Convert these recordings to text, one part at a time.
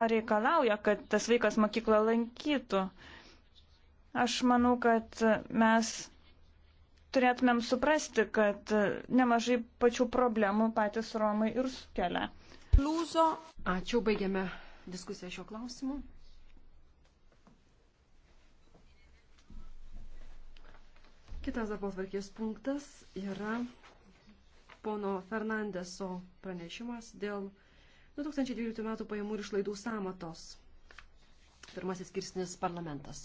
reikalauja, kad tas vaikas mokyklą lankytų. Aš manau, kad mes turėtumėm suprasti, kad nemažai pačių problemų patys Romai ir sukelia. Lūzo. Ačiū, baigiame diskusiją šio klausimu. Kitas darbo tvarkės punktas yra pono Fernandeso pranešimas dėl 2012 m. pajamų ir išlaidų samatos. Pirmasis skirsnis parlamentas.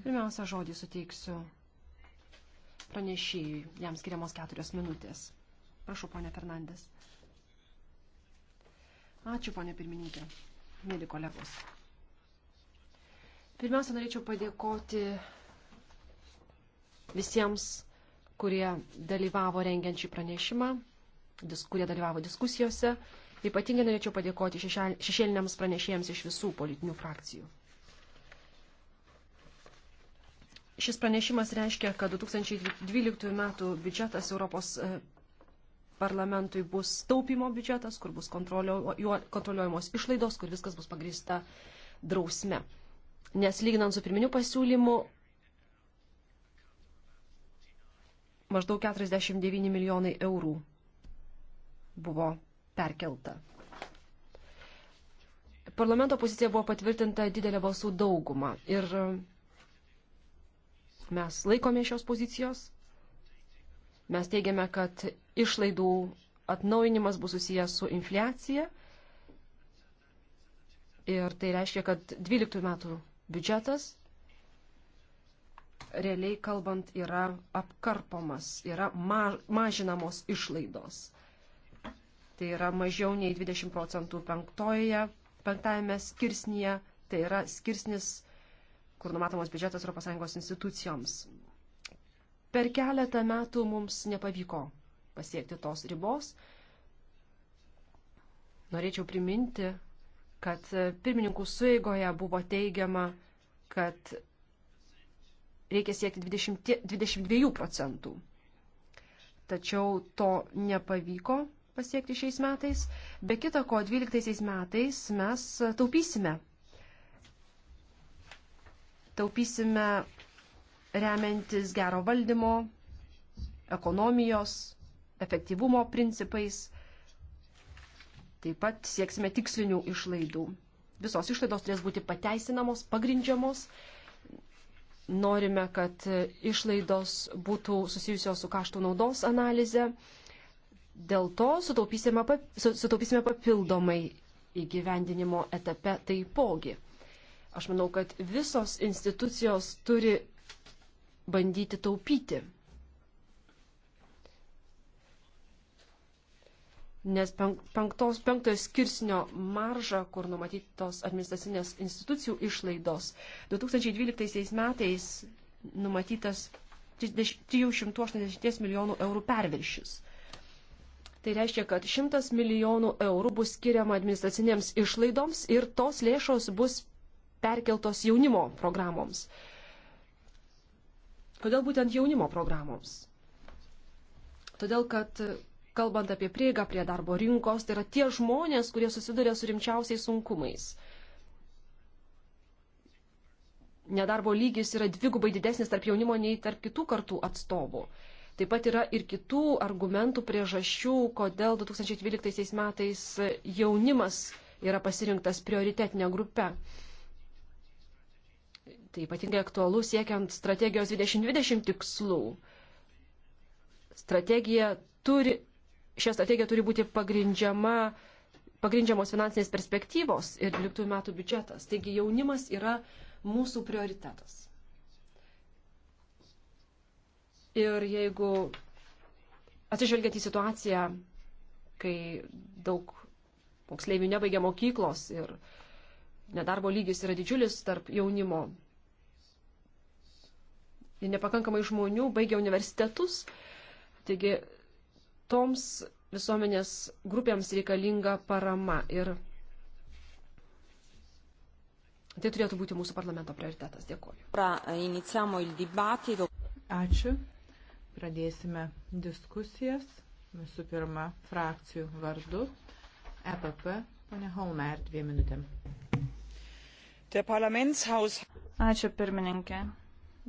Pirmiausia, žodį suteiksiu pranešėjui. Jam skiriamos keturios minutės. Prašau, ponė Fernandės. Ačiū, ponė pirmininkė. Mėly kolegos. Pirmiausia, norėčiau padėkoti visiems, kurie dalyvavo rengiant šį pranešimą kurie dalyvavo diskusijose. Ypatingai norėčiau padėkoti šešėliniams pranešėjams iš visų politinių frakcijų. Šis pranešimas reiškia, kad 2012 metų biudžetas Europos e, parlamentui bus taupimo biudžetas, kur bus kontroliuojamos išlaidos, kur viskas bus pagrįsta drausme. Nes lyginant su pirminiu pasiūlymu, maždaug 49 milijonai eurų buvo perkelta. Parlamento pozicija buvo patvirtinta didelė balsų dauguma ir e, mes laikome šios pozicijos. Mes teigiame, kad išlaidų atnaujinimas bus susijęs su infliacija ir tai reiškia, kad 12 metų biudžetas realiai kalbant yra apkarpomas, yra mažinamos išlaidos tai yra mažiau nei 20 procentų penktoje, penktajame skirsnyje, tai yra skirsnis, kur numatomas biudžetas ES institucijoms. Per keletą metų mums nepavyko pasiekti tos ribos. Norėčiau priminti, kad pirmininkų sueigoje buvo teigiama, kad reikia siekti 20, 22 procentų. Tačiau to nepavyko, pasiekti šiais metais. Be kita ko, 12 metais mes taupysime. Taupysime remiantis gero valdymo, ekonomijos, efektyvumo principais. Taip pat sieksime tikslinių išlaidų. Visos išlaidos turės būti pateisinamos, pagrindžiamos. Norime, kad išlaidos būtų susijusios su kaštų naudos analize. Dėl to sutaupysime, sutaupysime papildomai įgyvendinimo etape taipogi. Aš manau, kad visos institucijos turi bandyti taupyti. Nes penktos, penktojo skirsnio marža, kur numatytos administracinės institucijų išlaidos, 2012 metais numatytas 380 milijonų eurų perviršis. Tai reiškia, kad 100 milijonų eurų bus skiriama administracinėms išlaidoms ir tos lėšos bus perkeltos jaunimo programoms. Kodėl būtent jaunimo programoms? Todėl, kad e, kalbant apie prieigą prie darbo rinkos, tai yra tie žmonės, kurie susiduria su rimčiausiais sunkumais. Nedarbo lygis yra dvigubai didesnis tarp jaunimo nei tarp kitų kartų atstovų. Taip pat yra ir kitų argumentų priežasčių, kodėl 2012 metais jaunimas yra pasirinktas prioritetinė grupe. Tai ypatingai aktualu siekiant strategijos 2020 tikslų. Strategija turi, šią strategiją turi būti pagrindžiama, pagrindžiamos finansinės perspektyvos ir 12 metų biudžetas. Taigi jaunimas yra mūsų prioritetas. Ir jeigu atsižvelgiant į situaciją, kai daug moksleivių nebaigia mokyklos ir nedarbo lygis yra didžiulis tarp jaunimo, ir nepakankamai žmonių baigia universitetus, taigi toms visuomenės grupėms reikalinga parama ir tai turėtų būti mūsų parlamento prioritetas. Dėkuoju. Ačiū. Pradėsime diskusijas. Visų pirma, frakcijų vardu. EPP, ponė Holmer, dviem minutėm. Ačiū pirmininkė.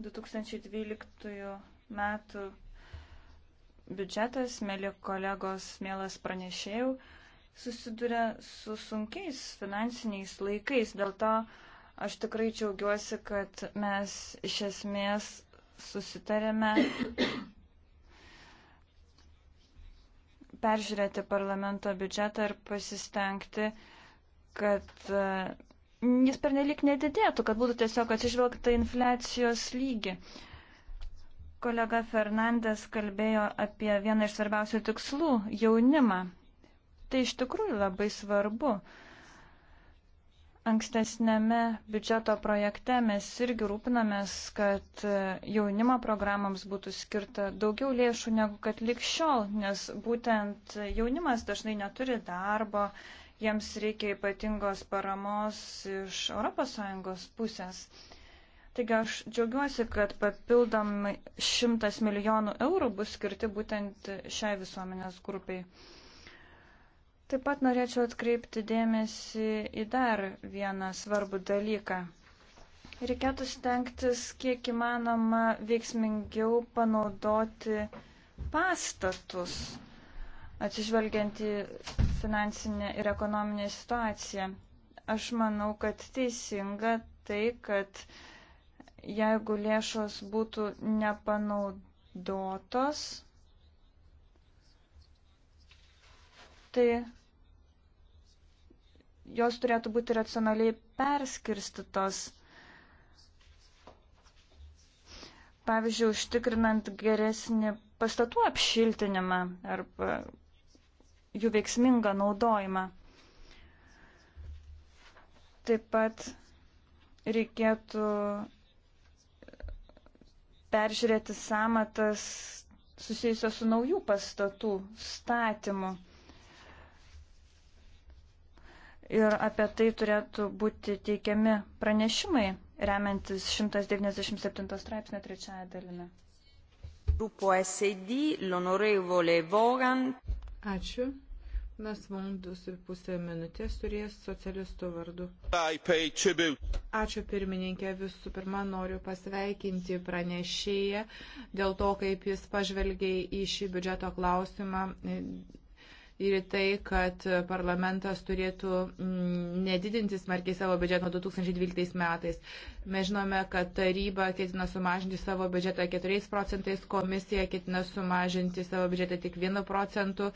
2012 metų biudžetas, mėly kolegos, mėlas pranešėjau, susiduria su sunkiais finansiniais laikais. Dėl to aš tikrai džiaugiuosi, kad mes iš esmės susitarėme peržiūrėti parlamento biudžetą ir pasistengti, kad e, jis pernelik nedidėtų, kad būtų tiesiog atsižvelgta infliacijos lygi. Kolega Fernandes kalbėjo apie vieną iš svarbiausių tikslų - jaunimą. Tai iš tikrųjų labai svarbu. Uh, Ankstesnėme biudžeto projekte mes irgi rūpinamės, kad jaunimo programams būtų skirta daugiau lėšų negu kad likščiol, nes būtent jaunimas dažnai neturi darbo, jiems reikia ypatingos paramos iš ES pusės. Taigi aš džiaugiuosi, kad papildomai šimtas milijonų eurų bus skirti būtent šiai visuomenės grupiai. Taip pat norėčiau atkreipti dėmesį į dar vieną svarbų dalyką. Reikėtų stengtis kiek įmanoma veiksmingiau panaudoti pastatus, atsižvelgiant į finansinę ir ekonominę situaciją. Aš manau, kad teisinga tai, kad jeigu lėšos būtų nepanaudotos, tai jos turėtų būti racionaliai perskirstytos. Pavyzdžiui, užtikrinant geresnį pastatų apšiltinimą arba jų veiksmingą naudojimą. Taip pat reikėtų peržiūrėti samatas susijusios su naujų pastatų statymu ir apie tai turėtų būti teikiami pranešimai, remiantis 197 straipsnio trečiaja dalimi. Grupo SD, l'onorevole Vogan. Ačiū. Mes valandus ir pusę minutės turės socialistų vardu. Ačiū pirmininkė, visų pirma noriu pasveikinti pranešėją dėl to, kaip jis pažvelgiai į šį biudžeto klausimą ir į tai, kad parlamentas turėtų mm, nedidinti smarkiai savo biudžetą nuo 2012 metais. Mes žinome, kad taryba ketina sumažinti savo biudžetą 4 procentais, komisija ketina sumažinti savo biudžetą tik 1 procentu,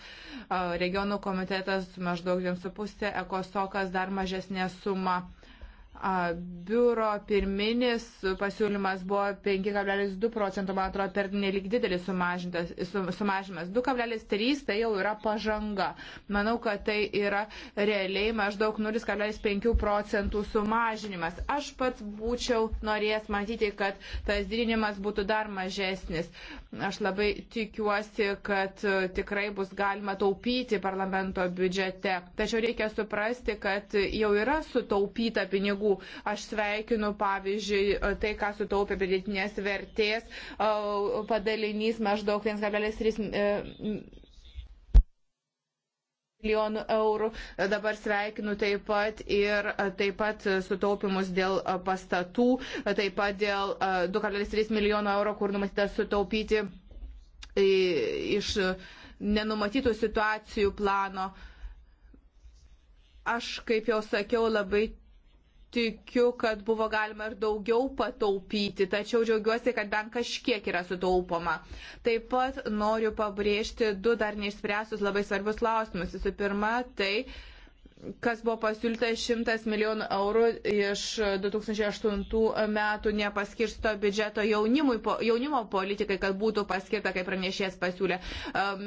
regionų komitetas maždaug 2,5, ekosokas dar mažesnė suma biuro pirminis pasiūlymas buvo 5,2 procento, man atrodo, per nelik didelis sumažintas, sumažimas. 2,3 tai jau yra pažanga. Manau, kad tai yra realiai maždaug 0,5 procentų sumažinimas. Aš pats būčiau norėjęs matyti, kad tas didinimas būtų dar mažesnis. Aš labai tikiuosi, kad tikrai bus galima taupyti parlamento biudžete. Tačiau reikia suprasti, kad jau yra sutaupyta pinigų aukų. Aš sveikinu, pavyzdžiui, tai, ką sutaupė pridėtinės vertės padalinys maždaug 1,3 e, milijonų eurų. Dabar sveikinu taip pat ir e, taip pat sutaupimus dėl e, pastatų, taip pat dėl 2,3 milijono eurų, kur numatyta sutaupyti iš nenumatytų situacijų plano. Aš, kaip jau sakiau, labai tikiu, kad buvo galima ir daugiau pataupyti, tačiau džiaugiuosi, kad bent kažkiek yra sutaupoma. Taip pat noriu pabrėžti du dar neišspręstus labai svarbius klausimus. Visų pirma, tai kas buvo pasiūlyta 100 milijonų eurų iš 2008 metų nepaskirsto biudžeto jaunimui, jaunimo politikai, kad būtų paskirta, kaip pranešėjas pasiūlė. Um,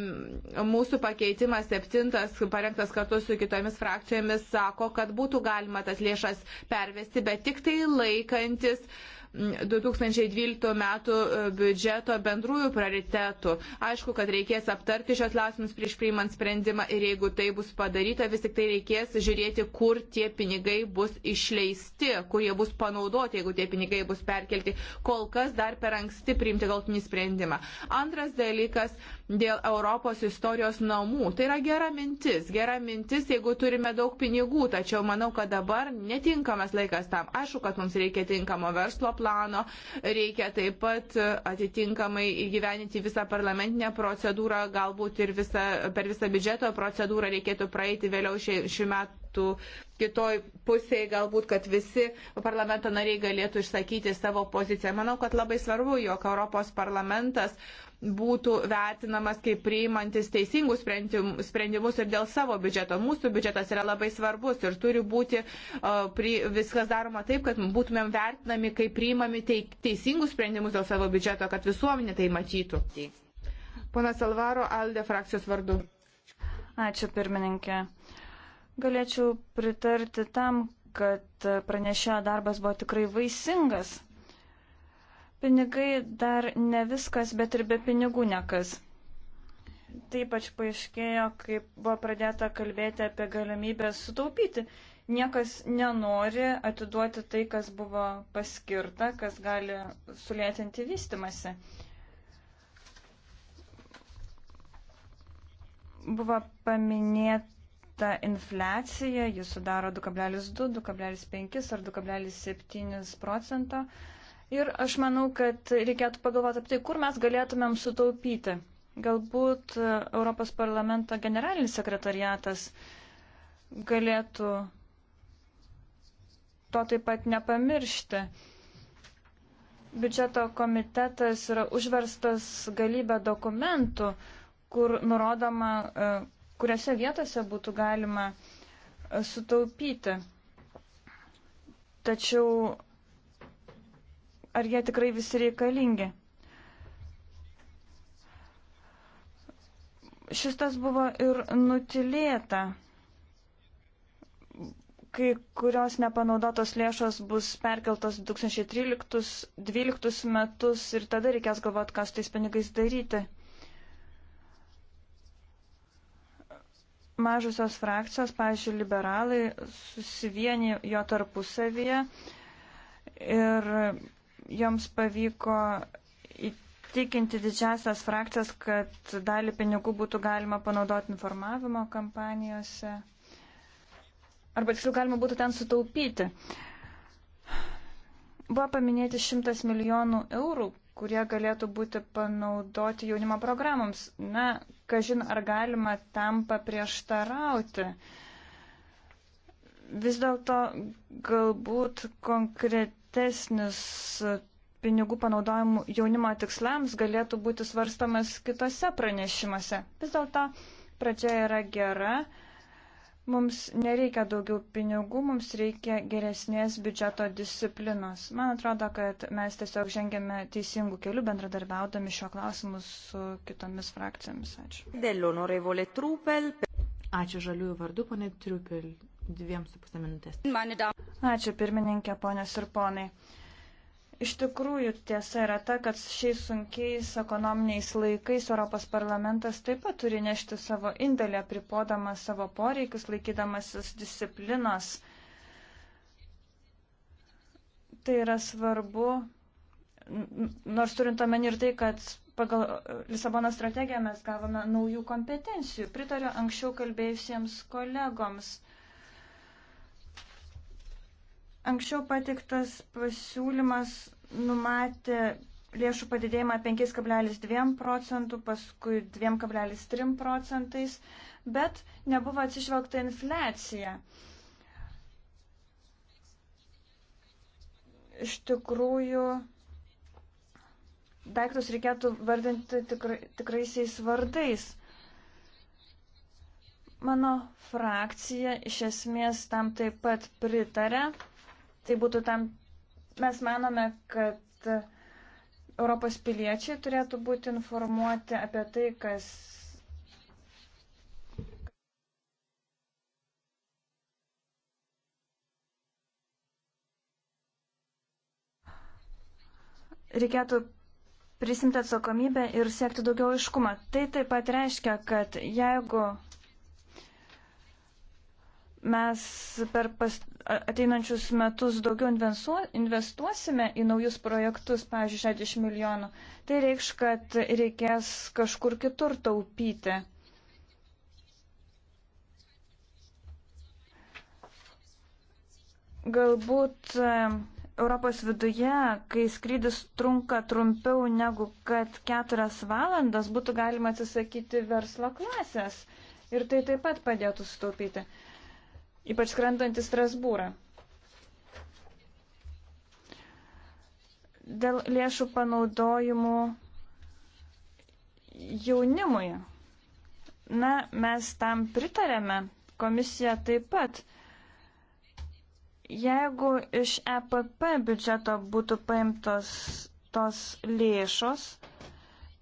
mūsų pakeitimas septintas, parengtas kartu su kitomis frakcijomis, sako, kad būtų galima tas lėšas pervesti, bet tik tai laikantis uh, 2012 metų e, biudžeto bendrųjų prioritetų. Aišku, kad reikės aptarti šios klausimus prieš priimant sprendimą ir jeigu tai bus padaryta, vis tik tai reikės žiūrėti, kur tie pinigai bus išleisti, kur jie bus panaudoti, jeigu tie pinigai bus perkelti. Kol kas dar per anksti priimti galtinį sprendimą. Antras dalykas dėl Europos istorijos namų. Tai yra gera mintis. Gera mintis, jeigu turime daug pinigų, tačiau manau, kad dabar netinkamas laikas tam. Aišku, kad mums reikia tinkamo verslo plano, reikia taip pat atitinkamai įgyveninti visą parlamentinę procedūrą, galbūt ir visą, per visą biudžeto procedūrą reikėtų praeiti vėliau šių ši metų metų kitoj pusėje galbūt, kad visi parlamento nariai galėtų išsakyti savo poziciją. Manau, kad labai svarbu, jog Europos parlamentas būtų vertinamas kaip priimantis teisingus sprendimus ir dėl savo biudžeto. Mūsų biudžetas yra labai svarbus ir turi būti uh, viskas daroma taip, kad būtumėm vertinami kaip priimami teisingus sprendimus dėl savo biudžeto, kad visuomenė tai matytų. Ponas Alvaro, Alde frakcijos vardu. Ačiū pirmininkė. Galėčiau pritarti tam, kad pranešėjo darbas buvo tikrai vaisingas. Pinigai dar ne viskas, bet ir be pinigų nekas. Tai ypač paaiškėjo, kai buvo pradėta kalbėti apie galimybę sutaupyti. Niekas nenori atiduoti tai, kas buvo paskirta, kas gali sulėtinti vystimasi. Buvo paminėta infliacija, jis sudaro 2,2, 2,5 ar 2,7 procento. Ir aš manau, kad reikėtų pagalvoti apie tai, kur mes galėtumėm sutaupyti. Galbūt e, Europos parlamento generalinis sekretariatas galėtų to taip pat nepamiršti. Biudžeto komitetas yra užverstas galybę dokumentų, kur nurodoma, e, kuriuose vietose būtų galima e, sutaupyti. Tačiau ar jie tikrai visi reikalingi. Šis tas buvo ir nutilėta. Kai kurios nepanaudotos lėšos bus perkeltos 2013-2012 metus ir tada reikės galvoti, ką su tais pinigais daryti. mažusios frakcijos, pavyzdžiui, liberalai, susivienijo tarpusavyje ir joms pavyko įtikinti didžiasias frakcijas, kad dalį pinigų būtų galima panaudoti informavimo kampanijose. Arba tiksliau galima būtų ten sutaupyti. Buvo paminėti šimtas milijonų eurų, kurie galėtų būti panaudoti jaunimo programoms. Na, kažin ar galima tam paprieštarauti. Vis dėlto galbūt konkret platesnis pinigų panaudojimų jaunimo tikslams galėtų būti svarstamas kitose pranešimuose. Vis dėlto pradžia yra gera. Mums nereikia daugiau pinigų, mums reikia geresnės biudžeto disciplinos. Man atrodo, kad mes tiesiog žengėme teisingų kelių bendradarbiaudami šio klausimu su kitomis frakcijomis. Ačiū. Ačiū žaliųjų vardu, ponė Triupel dviem su pusę minutės. Ačiū pirmininkė, ponios ir ponai. Iš tikrųjų tiesa yra ta, kad šiais sunkiais ekonominiais laikais Europos parlamentas taip pat turi nešti savo indėlį, pripodamas savo poreikius, laikydamasis disciplinos. Tai yra svarbu, nors turint omeny ir tai, kad pagal Lisabono strategiją mes gavome naujų kompetencijų. Pritariu anksčiau kalbėjusiems kolegoms. Anksčiau patiktas pasiūlymas numatė lėšų padidėjimą 5,2 procentų, paskui 2,3 procentais, bet nebuvo atsižvelgta infliacija. Iš tikrųjų, daiktus reikėtų vardinti tikrai, tikraisiais vardais. Mano frakcija iš esmės tam taip pat pritarė. Tai būtų tam, mes manome, kad Europos piliečiai turėtų būti informuoti apie tai, kas. Reikėtų prisimti atsakomybę ir siekti daugiau iškumą. Tai taip pat reiškia, kad jeigu mes per pas, ateinančius metus daugiau investuosime į naujus projektus, pavyzdžiui, 60 milijonų, tai reikš, kad reikės kažkur kitur taupyti. Galbūt e, Europos viduje, kai skrydis trunka trumpiau negu kad keturias valandas, būtų galima atsisakyti verslo klasės ir tai taip pat padėtų sutaupyti ypač skrendant į Strasbūrą. Dėl lėšų panaudojimų jaunimui. Na, mes tam pritarėme, komisija taip pat. Jeigu iš EPP biudžeto būtų paimtos tos lėšos,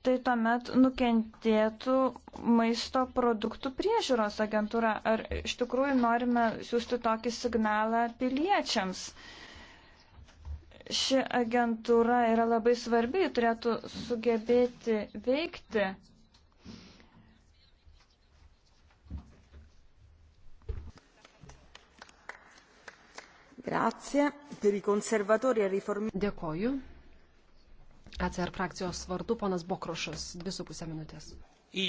tai tuomet nukentėtų maisto produktų priežiūros agentūra. Ar iš tikrųjų norime siūsti tokį signalą piliečiams? Ši agentūra yra labai svarbi, turėtų sugebėti veikti. Grazie per i conservatori e riformisti. Dėkoju ACR e frakcijos vardu ponas Bokrošas, 2,5 minutės. E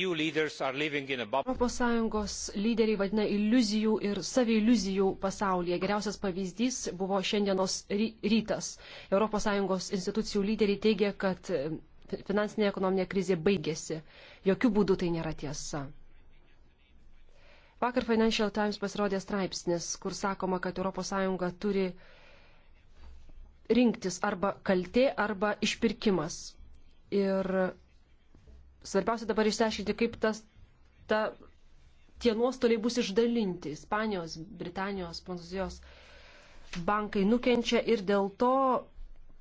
Europos Sąjungos lyderiai vadina iliuzijų ir saviiliuzijų pasaulyje. Geriausias pavyzdys buvo šiandienos rytas. Europos Sąjungos institucijų lyderiai teigia, kad e, finansinė ekonominė krizė baigėsi. Jokių būdų tai nėra tiesa. Vakar Financial Times pasirodė straipsnis, kur sakoma, kad ES turi rinktis arba kaltė, arba išpirkimas. Ir svarbiausia dabar išsiaiškinti, kaip tas, ta, tie nuostoliai bus išdalinti. Ispanijos, Britanijos, Prancūzijos bankai nukenčia ir dėl to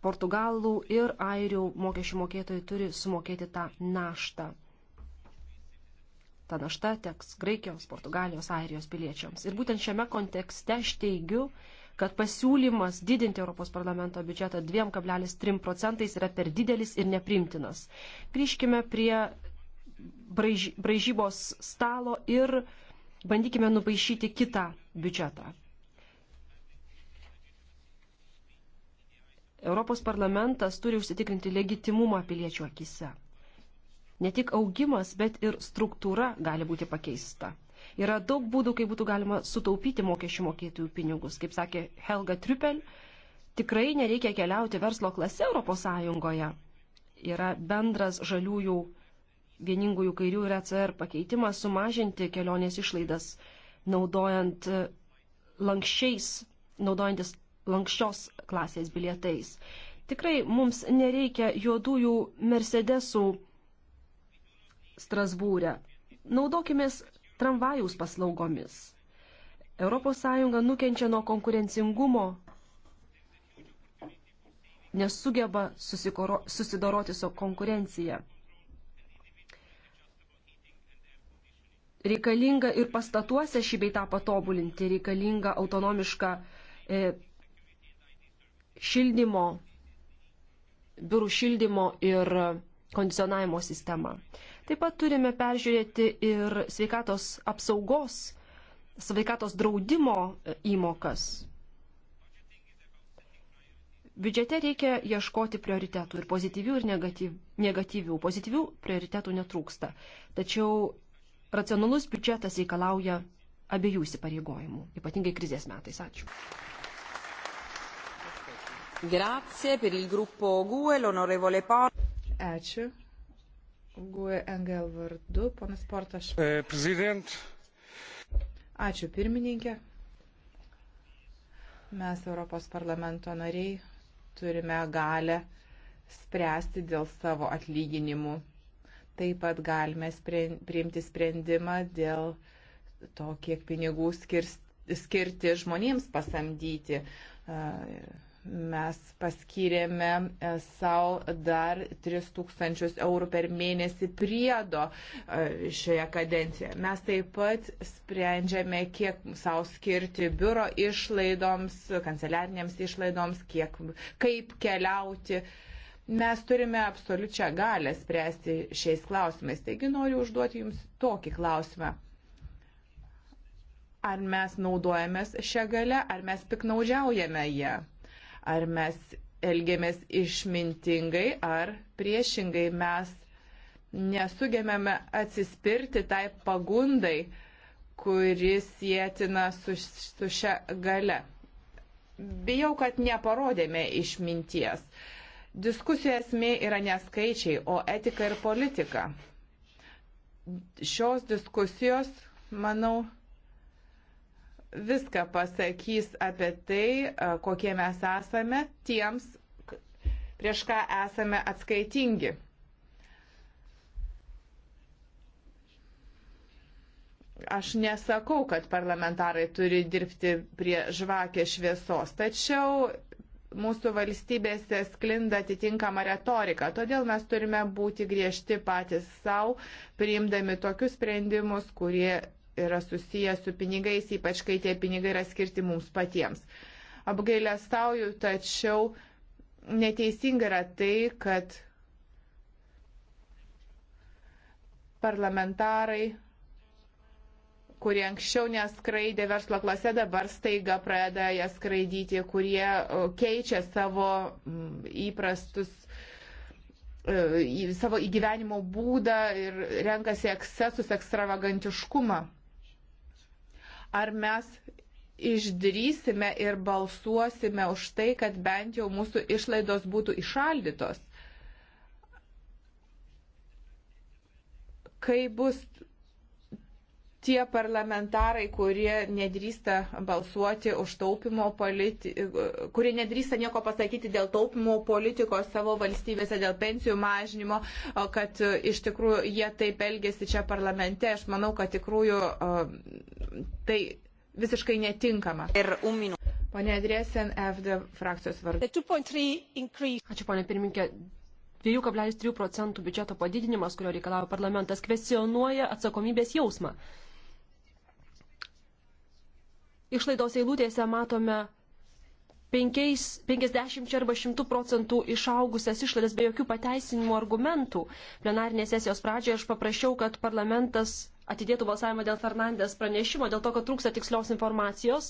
portugalų ir airių mokesčių mokėtojai turi sumokėti tą naštą. Ta našta teks Graikijos, Portugalijos, Airijos piliečiams. Ir būtent šiame kontekste aš teigiu, kad pasiūlymas didinti Europos parlamento biudžetą 2,3 procentais yra per didelis ir neprimtinas. Grįžkime prie braižybos stalo ir bandykime nupaišyti kitą biudžetą. Europos parlamentas turi užsitikrinti legitimumą piliečių akise. Ne tik augimas, bet ir struktūra gali būti pakeista. Yra daug būdų, kaip būtų galima sutaupyti mokesčių mokėtojų pinigus. Kaip sakė Helga Triupel, tikrai nereikia keliauti verslo klase ES. Yra bendras žaliųjų vieningųjų kairių ir ECR pakeitimas sumažinti kelionės išlaidas, naudojant e, lankščiais, naudojantis lankščios klasės bilietais. Tikrai mums nereikia juodųjų Mercedesų Strasbūrė. Naudokimės tramvajaus paslaugomis. ES nukenčia nuo konkurencingumo, nesugeba susidoroti su konkurencija. Reikalinga ir pastatuose šį beitą patobulinti, reikalinga autonomiška e, šildymo, biurų šildymo ir kondicionavimo sistema. Taip pat turime peržiūrėti ir sveikatos apsaugos, sveikatos draudimo e, įmokas. Biudžete reikia ieškoti prioritetų ir pozityvių, ir negatyv, negatyvių. Pozityvių prioritetų netrūksta. Tačiau racionalus biudžetas reikalauja abiejų įsipareigojimų, ypatingai krizės metais. Ačiū. Grazie per il gruppo GUE, l'onorevole Paul. Ačiū. GUE NGL vardu, ponas Portaš. E, prezident. Ačiū pirmininkė. Mes Europos parlamento nariai turime galę spręsti dėl savo atlyginimų. Taip pat galime spren, priimti sprendimą dėl to, kiek pinigų skirs, skirti žmonėms pasamdyti. Uh, mes paskyrėme e, savo dar 3000 eurų per mėnesį priedo e, šioje kadencijoje. Mes taip pat sprendžiame, kiek savo skirti biuro išlaidoms, kanceliarinėms išlaidoms, kiek, kaip keliauti. Mes turime absoliučią galę spręsti šiais klausimais. Taigi noriu užduoti Jums tokį klausimą ar mes naudojamės šią galę, ar mes piknaudžiaujame ją. Ar mes elgiamės išmintingai, ar priešingai mes nesugebėme atsispirti tai pagundai, kuris sėtina su, su šia gale. Bijau, kad neparodėme išminties. Diskusijų esmė yra ne skaičiai, o etika ir politika. Šios diskusijos, manau, viską pasakys apie tai, kokie mes esame tiems, prieš ką esame atskaitingi. Aš nesakau, kad parlamentarai turi dirbti prie žvakės šviesos, tačiau mūsų valstybėse sklinda atitinkama retorika. Todėl mes turime būti griežti patys savo, priimdami tokius sprendimus, kurie yra susijęs su pinigais, ypač kai tie pinigai yra skirti mums patiems. Apgailę stauju, tačiau neteisinga yra tai, kad parlamentarai, kurie anksčiau neskraidė verslo klase, dabar staiga pradeda ją skraidyti, kurie keičia savo įprastus e, savo įgyvenimo būdą ir renkasi eksesus, ekstravagantiškumą. Ar mes išdrysime ir balsuosime už tai, kad bent jau mūsų išlaidos būtų išaldytos? Kai bus tie parlamentarai, kurie nedrįsta balsuoti už taupimo politiką, kurie nedrįsta nieko pasakyti dėl taupimo politikos savo valstybėse, dėl pensijų mažinimo, kad e, iš tikrųjų jie taip elgesi čia parlamente. Aš manau, kad tikrųjų e, tai visiškai netinkama. Ir uminu. Pone Adresen, FD frakcijos vardu. Ačiū, ponė pirminkė. 2,3 procentų biudžeto padidinimas, kurio reikalavo parlamentas, kvesionuoja atsakomybės jausmą. Išlaidos eilutėse matome 5, 50 arba 100 procentų išaugusias išlaidas be jokių pateisinimų argumentų. Plenarinės sesijos pradžioje aš paprašiau, kad parlamentas atidėtų balsavimą dėl Fernandės pranešimo, dėl to, kad trūksta tikslios informacijos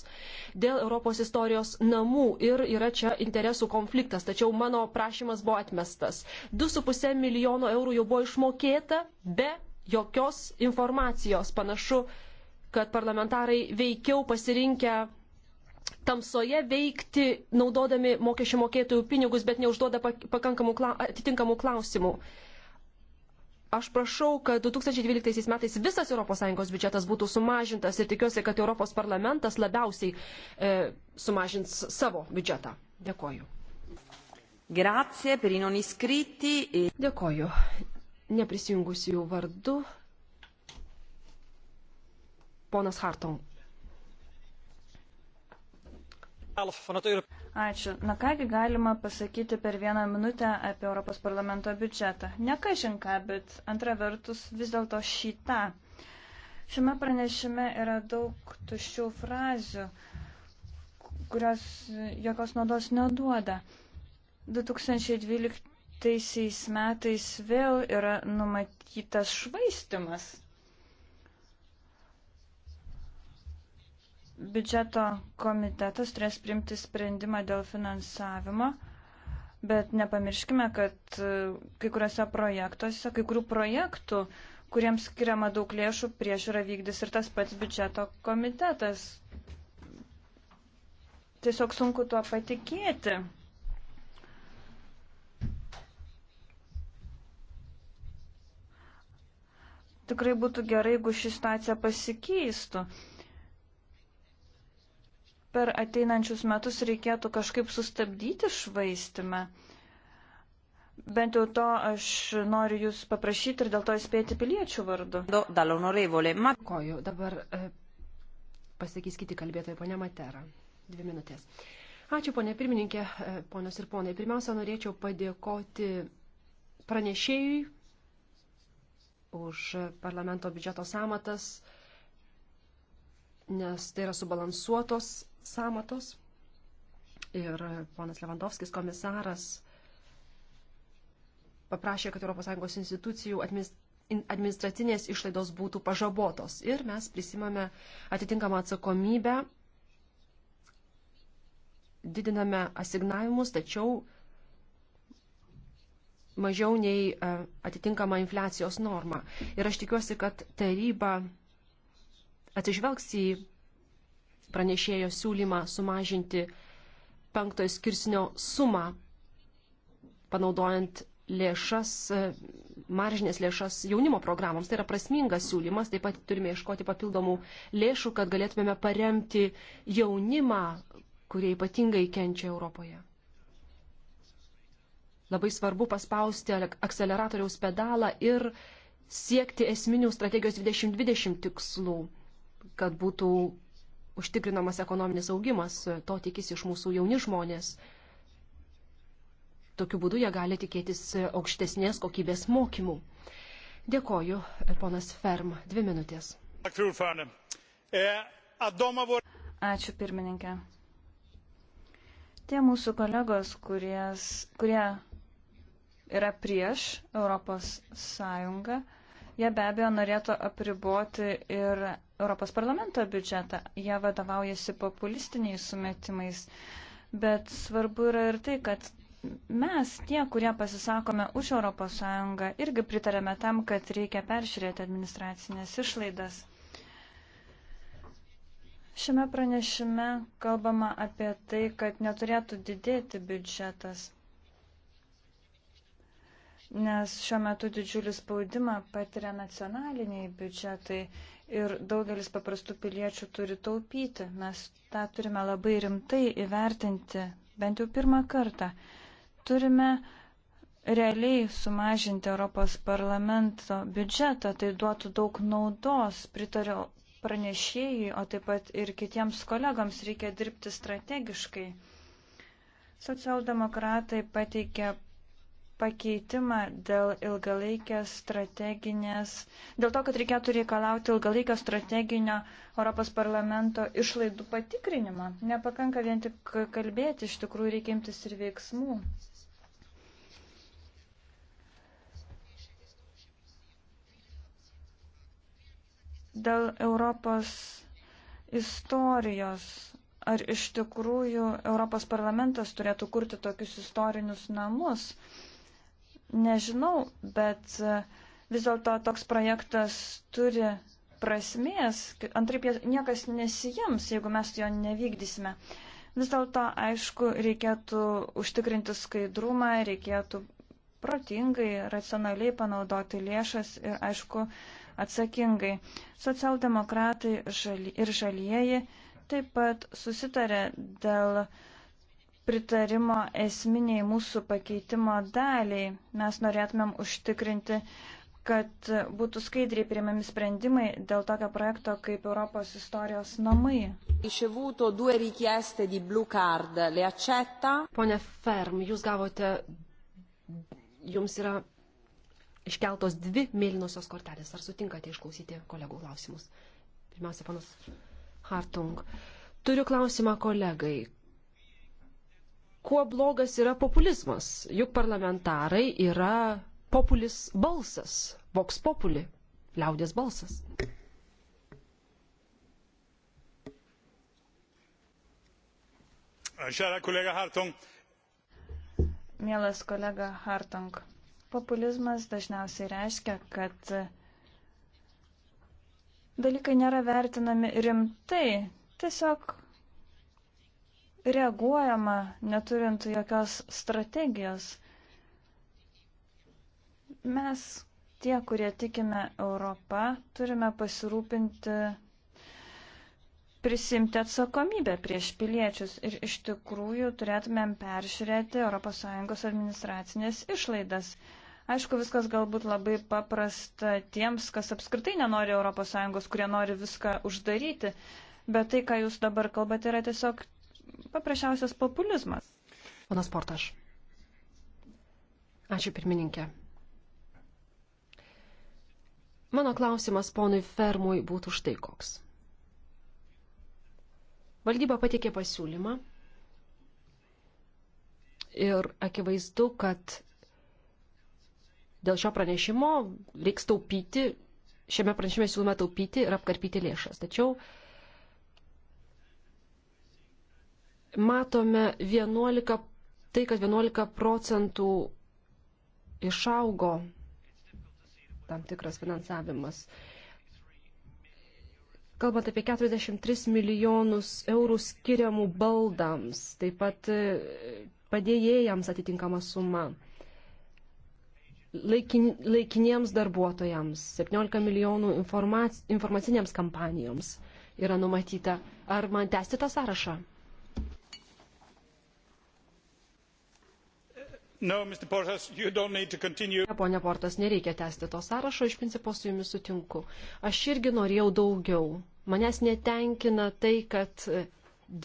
dėl Europos istorijos namų ir yra čia interesų konfliktas, tačiau mano prašymas buvo atmestas. 2,5 milijono eurų jau buvo išmokėta be jokios informacijos. Panašu, kad parlamentarai veikiau pasirinkę tamsoje veikti, naudodami mokesčių mokėtojų pinigus, bet neužduoda pakankamų kla atitinkamų klausimų. Aš prašau, kad 2012 metais visas ES biudžetas būtų sumažintas ir tikiuosi, kad Europos parlamentas labiausiai e, sumažins savo biudžetą. Dėkoju. Grazie per i non iscritti. E- Dėkoju. Neprisijungusių vardu. Ponas Harton. Ačiū. Na kągi galima pasakyti per vieną minutę apie Europos parlamento biudžetą. Ne kažinką, bet antra vertus vis dėlto šitą. Šiame pranešime yra daug tuščių frazių, kurios jokios naudos neduoda. 2012 metais vėl yra numatytas švaistimas biudžeto komitetas turės priimti sprendimą dėl finansavimo, bet nepamirškime, kad e, kai kuriuose projektuose, kai kurių projektų, kuriems skiriama daug lėšų, priežiūra vykdys ir tas pats biudžeto komitetas. Tiesiog sunku tuo patikėti. Tikrai būtų gerai, jeigu ši situacija pasikeistų per ateinančius metus reikėtų kažkaip sustabdyti švaistimą. Bent jau to aš noriu Jūs paprašyti ir dėl to įspėti piliečių vardu. Dėkoju. Dabar e, pasakys kiti kalbėtojai, ponia Matera. Dvi minutės. Ačiū, ponia pirmininkė, e, ponios ir ponai. Pirmiausia, norėčiau padėkoti pranešėjui už parlamento biudžeto samatas, nes tai yra subalansuotos samatos. Ir ponas Levandovskis, komisaras, paprašė, kad ES institucijų administracinės išlaidos būtų pažabotos. Ir mes prisimame atitinkamą atsakomybę, didiname asignavimus, tačiau mažiau nei e, atitinkama infliacijos norma. Ir aš tikiuosi, kad taryba atsižvelgs į pranešėjo siūlymą sumažinti penktojo skirsnio sumą, panaudojant lėšas, e, maržinės lėšas jaunimo programoms. Tai yra prasmingas siūlymas, taip pat turime iškoti papildomų lėšų, kad galėtumėme paremti jaunimą, kurie ypatingai kenčia Europoje. Labai svarbu paspausti akceleratoriaus pedalą ir siekti esminių strategijos 2020 tikslų, kad būtų užtikrinamas ekonominis augimas, to tikisi iš mūsų jauni žmonės. Tokiu būdu jie gali tikėtis aukštesnės kokybės mokymų. Dėkoju, ponas Ferm, dvi minutės. Ačiū pirmininkė. Tie mūsų kolegos, kuries, kurie yra prieš Europos Sąjungą, Jie be abejo norėtų apriboti ir Europos parlamento biudžetą. Jie vadovaujasi populistiniais sumetimais. Bet svarbu yra ir tai, kad mes, tie, kurie pasisakome už ES, irgi pritarėme tam, kad reikia peržiūrėti administracinės išlaidas. Šiame pranešime kalbama apie tai, kad neturėtų didėti biudžetas nes šiuo metu didžiulį spaudimą patiria nacionaliniai biudžetai ir daugelis paprastų piliečių turi taupyti. Mes tą turime labai rimtai įvertinti, bent jau pirmą kartą. Turime realiai sumažinti Europos parlamento biudžetą, tai duotų daug naudos, pritariu pranešėjai, o taip pat ir kitiems kolegams reikia dirbti strategiškai. Socialdemokratai pateikė pakeitimą dėl ilgalaikės strateginės, dėl to, kad reikėtų reikalauti ilgalaikio strateginio Europos parlamento išlaidų patikrinimo. Nepakanka vien tik kalbėti, iš tikrųjų reikia imtis ir veiksmų. Dėl Europos istorijos ar iš tikrųjų Europos parlamentas turėtų kurti tokius istorinius namus. Nežinau, bet e, vis dėlto toks projektas turi prasmės, antraip niekas nesijims, jeigu mes jo nevykdysime. Vis dėlto, aišku, reikėtų užtikrinti skaidrumą, reikėtų protingai, racionaliai panaudoti lėšas ir, aišku, atsakingai. Socialdemokratai žali, ir žalieji taip pat susitarė dėl uh, pritarimo esminiai mūsų pakeitimo daliai. Mes norėtumėm užtikrinti, kad būtų skaidriai priimami sprendimai dėl tokio projekto kaip Europos istorijos namai. Ricevuto due richieste di blue card, le accetta? Pone Ferm, jūs gavote, jums yra iškeltos dvi mėlynosios kortelės. Ar sutinkate išklausyti kolegų klausimus? Pirmiausia, panas Hartung. Turiu klausimą kolegai kuo blogas yra populizmas. Juk parlamentarai yra populis balsas, voks populi, liaudės balsas. Šiara uh, kolega Hartung. Mielas kolega Hartung, populizmas dažniausiai reiškia, kad uh, dalykai nėra vertinami rimtai, tiesiog reaguojama neturint jokios strategijos. Mes, tie, kurie tikime Europą, turime pasirūpinti prisimti atsakomybę prieš piliečius ir iš tikrųjų turėtumėm peržiūrėti ES administracinės išlaidas. Aišku, viskas galbūt labai paprasta tiems, kas apskritai nenori ES, kurie nori viską uždaryti, bet tai, ką jūs dabar kalbate, yra tiesiog paprasčiausias populizmas. Ponas Portaš. Ačiū pirmininkė. Mano klausimas ponui Fermui būtų štai koks. Valdyba patikė pasiūlymą ir akivaizdu, kad dėl šio pranešimo reiks taupyti, šiame pranešime siūlome taupyti ir apkarpyti lėšas. Tačiau uh, matome 11, tai, kad 11 procentų išaugo tam tikras finansavimas. Kalbant apie 43 milijonus eurų skiriamų baldams, taip pat e, padėjėjams atitinkama suma, laikin, laikiniems darbuotojams 17 milijonų informac, informacinėms kampanijoms yra numatyta. Ar man tęsti tą sąrašą? No, Portas, Pone Portas, nereikia tęsti to sąrašo, iš principo su jumis sutinku. Aš irgi norėjau daugiau. Manęs netenkina tai, kad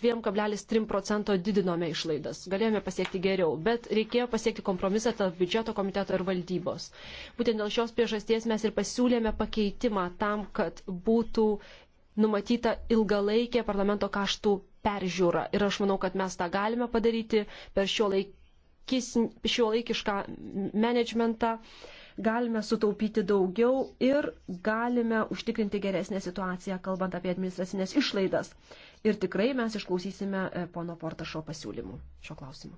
2,3 e, procento didinome išlaidas. Galėjome pasiekti geriau, bet reikėjo pasiekti kompromisą tarp biudžeto komiteto ir valdybos. Būtent dėl šios priežasties mes ir pasiūlėme pakeitimą tam, kad būtų numatyta ilgalaikė parlamento kaštų peržiūra. Ir aš manau, kad mes tą galime padaryti per šio laiką šiuolaikišką menedžmentą, galime sutaupyti daugiau ir galime užtikrinti geresnę situaciją, kalbant apie administracinės išlaidas. Ir tikrai mes išklausysime e, pono Portašo pasiūlymų šio klausimu.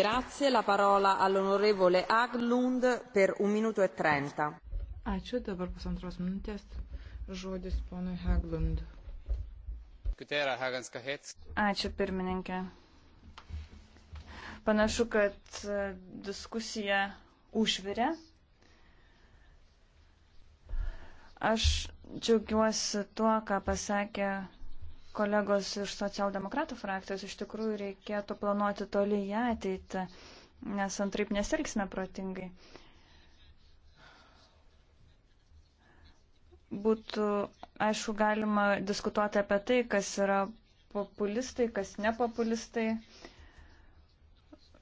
Grazie, la parola all'onorevole Aglund per un minuto e trenta. Ačiū, dabar pusantros minutės. Žodis ponui Haglund. Ačiū, pirmininkė. Panašu, kad e, diskusija užvirė. Aš džiaugiuosi tuo, ką pasakė kolegos iš socialdemokratų frakcijos. Iš tikrųjų, reikėtų planuoti toli į ateitį, nes antraip nesilgsime protingai. Būtų, aišku, galima diskutuoti apie tai, kas yra populistai, kas nepopulistai. populistai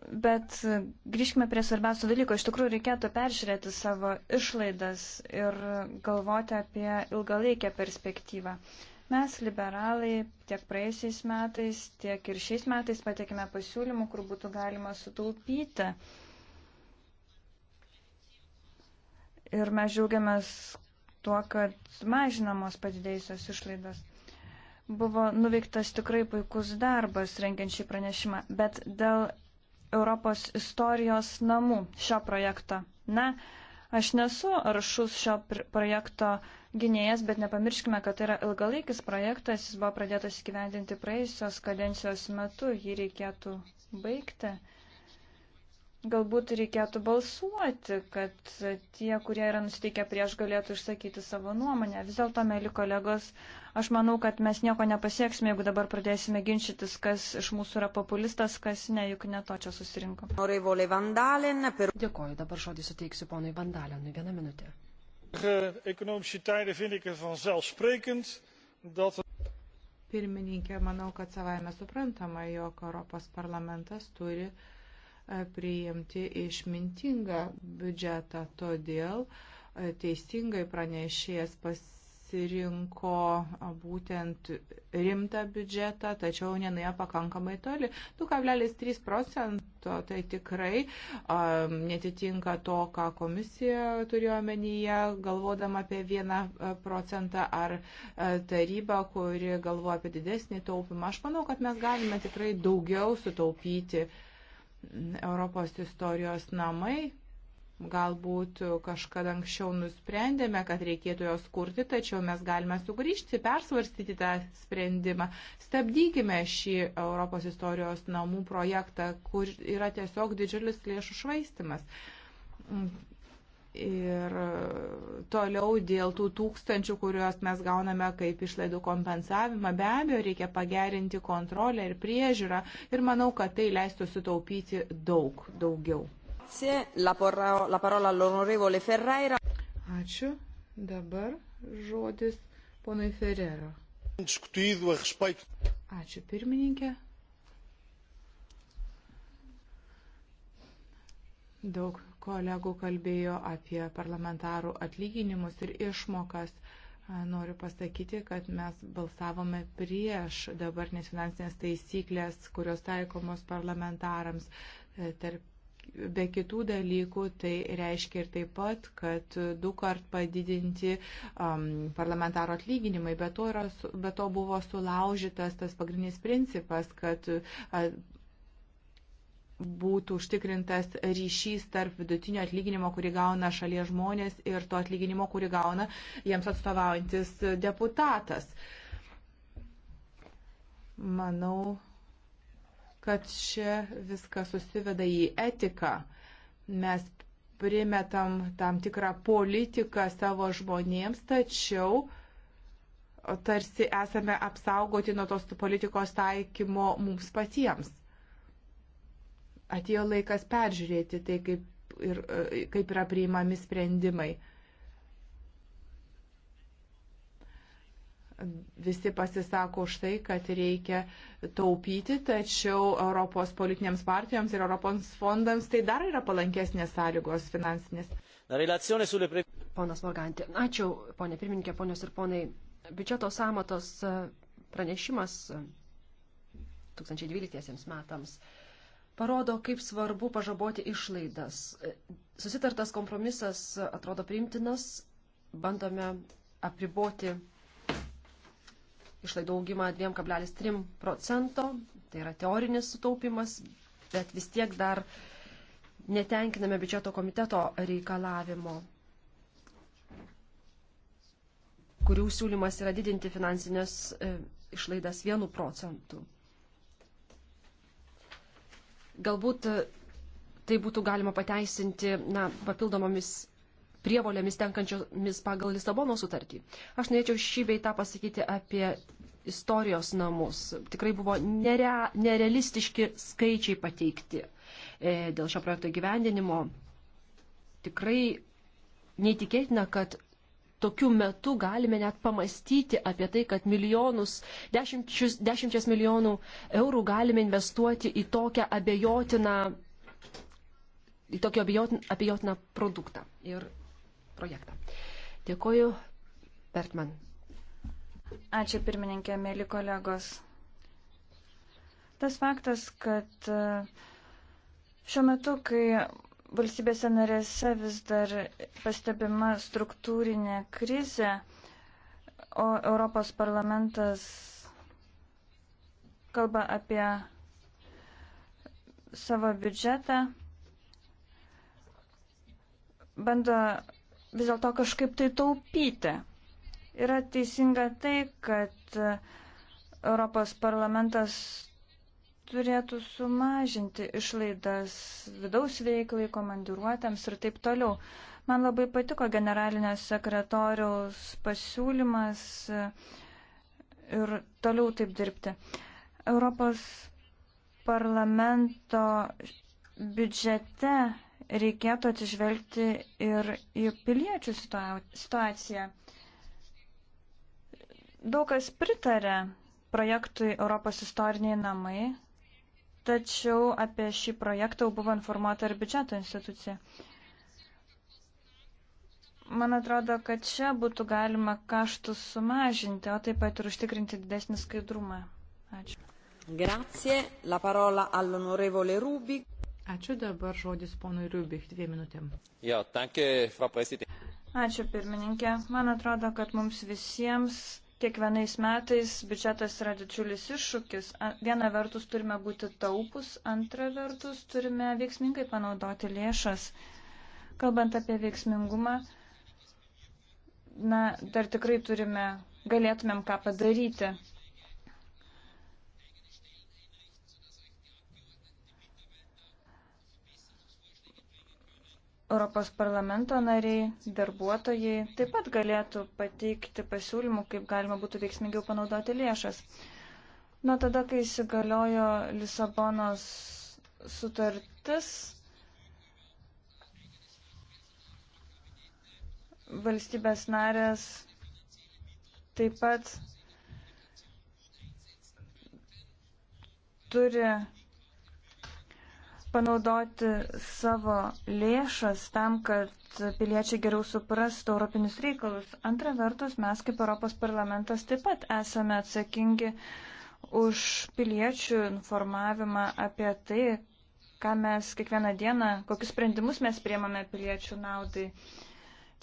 Bet grįžkime prie svarbiausio dalyko. Iš tikrųjų reikėtų peržiūrėti savo išlaidas ir galvoti apie ilgalaikę perspektyvą. Mes, liberalai, tiek praėjusiais metais, tiek ir šiais metais patekime pasiūlymų, kur būtų galima sutaupyti. Ir mes džiaugiamės tuo, kad mažinamos padidėjusios išlaidos buvo nuveiktas tikrai puikus darbas rengiant šį pranešimą, bet dėl Europos istorijos namų šio projekto. Na, aš nesu aršus šio projekto gynėjas, bet nepamirškime, kad tai yra ilgalaikis projektas, jis buvo pradėtas įgyvendinti praėjusios kadencijos metu, jį reikėtų baigti. Galbūt reikėtų balsuoti, kad tie, kurie yra nusiteikę prieš, galėtų išsakyti savo nuomonę. Vis dėlto, mėly kolegos, Aš manau, kad mes nieko nepasieksime, jeigu dabar pradėsime ginčytis, kas iš mūsų yra populistas, kas ne, juk ne to čia susirinkom. Dėkoju, dabar žodį suteiksiu ponui Vandalenui. Vieną minutę. Ekonomische tijden vind ik het vanzelfsprekend dat pirmininkė, manau, kad savaime suprantama, jog Europos parlamentas turi e, priimti išmintingą biudžetą. Todėl e, teisingai pranešėjas pasirinkti pasirinko būtent rimtą biudžetą, tačiau nenuėjo pakankamai toli. 2,3 procento tai tikrai um, netitinka to, ką komisija turėjo omenyje, galvodama apie 1 e, procentą ar e, tarybą, kuri galvoja apie didesnį taupimą. Aš manau, kad mes galime tikrai daugiau sutaupyti. Mm, Europos istorijos namai Galbūt kažkada anksčiau nusprendėme, kad reikėtų jos kurti, tačiau mes galime sugrįžti, persvarstyti tą sprendimą. Stabdykime šį Europos istorijos namų projektą, kur yra tiesiog didžiulis lėšų švaistimas. Ir toliau dėl tų tūkstančių, kuriuos mes gauname kaip išlaidų kompensavimą, be abejo, reikia pagerinti kontrolę ir priežiūrą ir manau, kad tai leistų sutaupyti daug daugiau. Grazie. La, porra, la parola all'onorevole Ferreira. Ačiū. Dabar žodis ponui Ferrero. Ačiū pirmininkė. Daug kolegų kalbėjo apie parlamentarų atlyginimus ir išmokas. Noriu pasakyti, kad mes balsavome prieš dabartinės finansinės taisyklės, kurios taikomos parlamentarams. E, tarp be kitų dalykų tai reiškia ir taip pat, kad du kart padidinti um, parlamentaro atlyginimai, bet to, yra, bet to buvo sulaužytas tas pagrindinis principas, kad uh, būtų užtikrintas ryšys tarp vidutinio atlyginimo, kurį gauna šalies žmonės ir to atlyginimo, kurį gauna jiems atstovaujantis deputatas. Manau, kad čia viskas susiveda į etiką. Mes primetam tam tikrą politiką savo žmonėms, tačiau tarsi esame apsaugoti nuo tos politikos taikymo mums patiems. Atėjo laikas peržiūrėti tai, kaip, ir, kaip yra priimami sprendimai. visi pasisako už tai, kad reikia taupyti, tačiau Europos politinėms partijoms ir Europos fondams tai dar yra palankesnės sąlygos finansinės. Ponas Morgantė, ačiū, ponė pirmininkė, ponios ir ponai. Biudžeto samatos e, pranešimas 2012 e, metams parodo, kaip svarbu pažaboti išlaidas. E, susitartas kompromisas atrodo priimtinas, bandome apriboti išlaidų augimą 2,3 procento, tai yra teorinis sutaupimas, bet vis tiek dar netenkiname biudžeto komiteto reikalavimo, kurių siūlymas yra didinti finansinės e, išlaidas 1 procentu. Galbūt e, tai būtų galima pateisinti na, papildomomis prievolėmis tenkančiomis pagal Lisabono sutartį. Aš norėčiau šį beitą pasakyti apie istorijos namus. Tikrai buvo nere, nerealistiški skaičiai pateikti e, dėl šio projekto gyvendinimo. Tikrai neįtikėtina, kad tokiu metu galime net pamastyti apie tai, kad milijonus, dešimčius, dešimčias milijonų eurų galime investuoti į tokią abejotiną į tokį abejotiną, abejotiną produktą. Ir projektą. Dėkoju, Bertman. Ačiū pirmininkė, mėly kolegos. Tas faktas, kad e, šiuo metu, kai valstybėse narėse vis dar pastebima struktūrinė krizė, o Europos parlamentas kalba apie savo biudžetą, bando vis dėlto kažkaip tai taupyti. Yra teisinga tai, kad Europos parlamentas turėtų sumažinti išlaidas vidaus veiklai, komandiruotėms ir taip toliau. Man labai patiko generalinio sekretoriaus pasiūlymas ir toliau taip dirbti. Europos parlamento biudžete reikėtų atsižvelgti ir į piliečių situaciją. Daug kas pritarė projektui Europos istoriniai namai, tačiau apie šį projektą jau buvo informuota ir biudžeto institucija. Man atrodo, kad čia būtų galima kaštus sumažinti, o taip pat ir užtikrinti didesnį skaidrumą. Ačiū. Grazie. La parola all'onorevole Rubik. Ačiū dabar žodis ponui Rubik dviem minutėm. Jo, tankė, Frau Prezidentė. Ačiū pirmininkė. Man atrodo, kad mums visiems kiekvienais metais biudžetas yra didžiulis iššūkis. Viena vertus turime būti taupus, antra vertus turime veiksmingai panaudoti lėšas. Kalbant apie veiksmingumą, na, dar tikrai turime, galėtumėm ką padaryti. Europos parlamento nariai, darbuotojai taip pat galėtų pateikti pasiūlymų, kaip galima būtų veiksmingiau panaudoti lėšas. Nuo tada, kai įsigaliojo Lisabonos sutartis, valstybės narės taip pat turi panaudoti savo lėšas tam, kad piliečiai geriau suprastų europinius reikalus. Antra vertus, mes kaip Europos parlamentas taip pat esame atsakingi už piliečių informavimą apie tai, ką mes kiekvieną dieną, kokius sprendimus mes priemame piliečių naudai. Uh,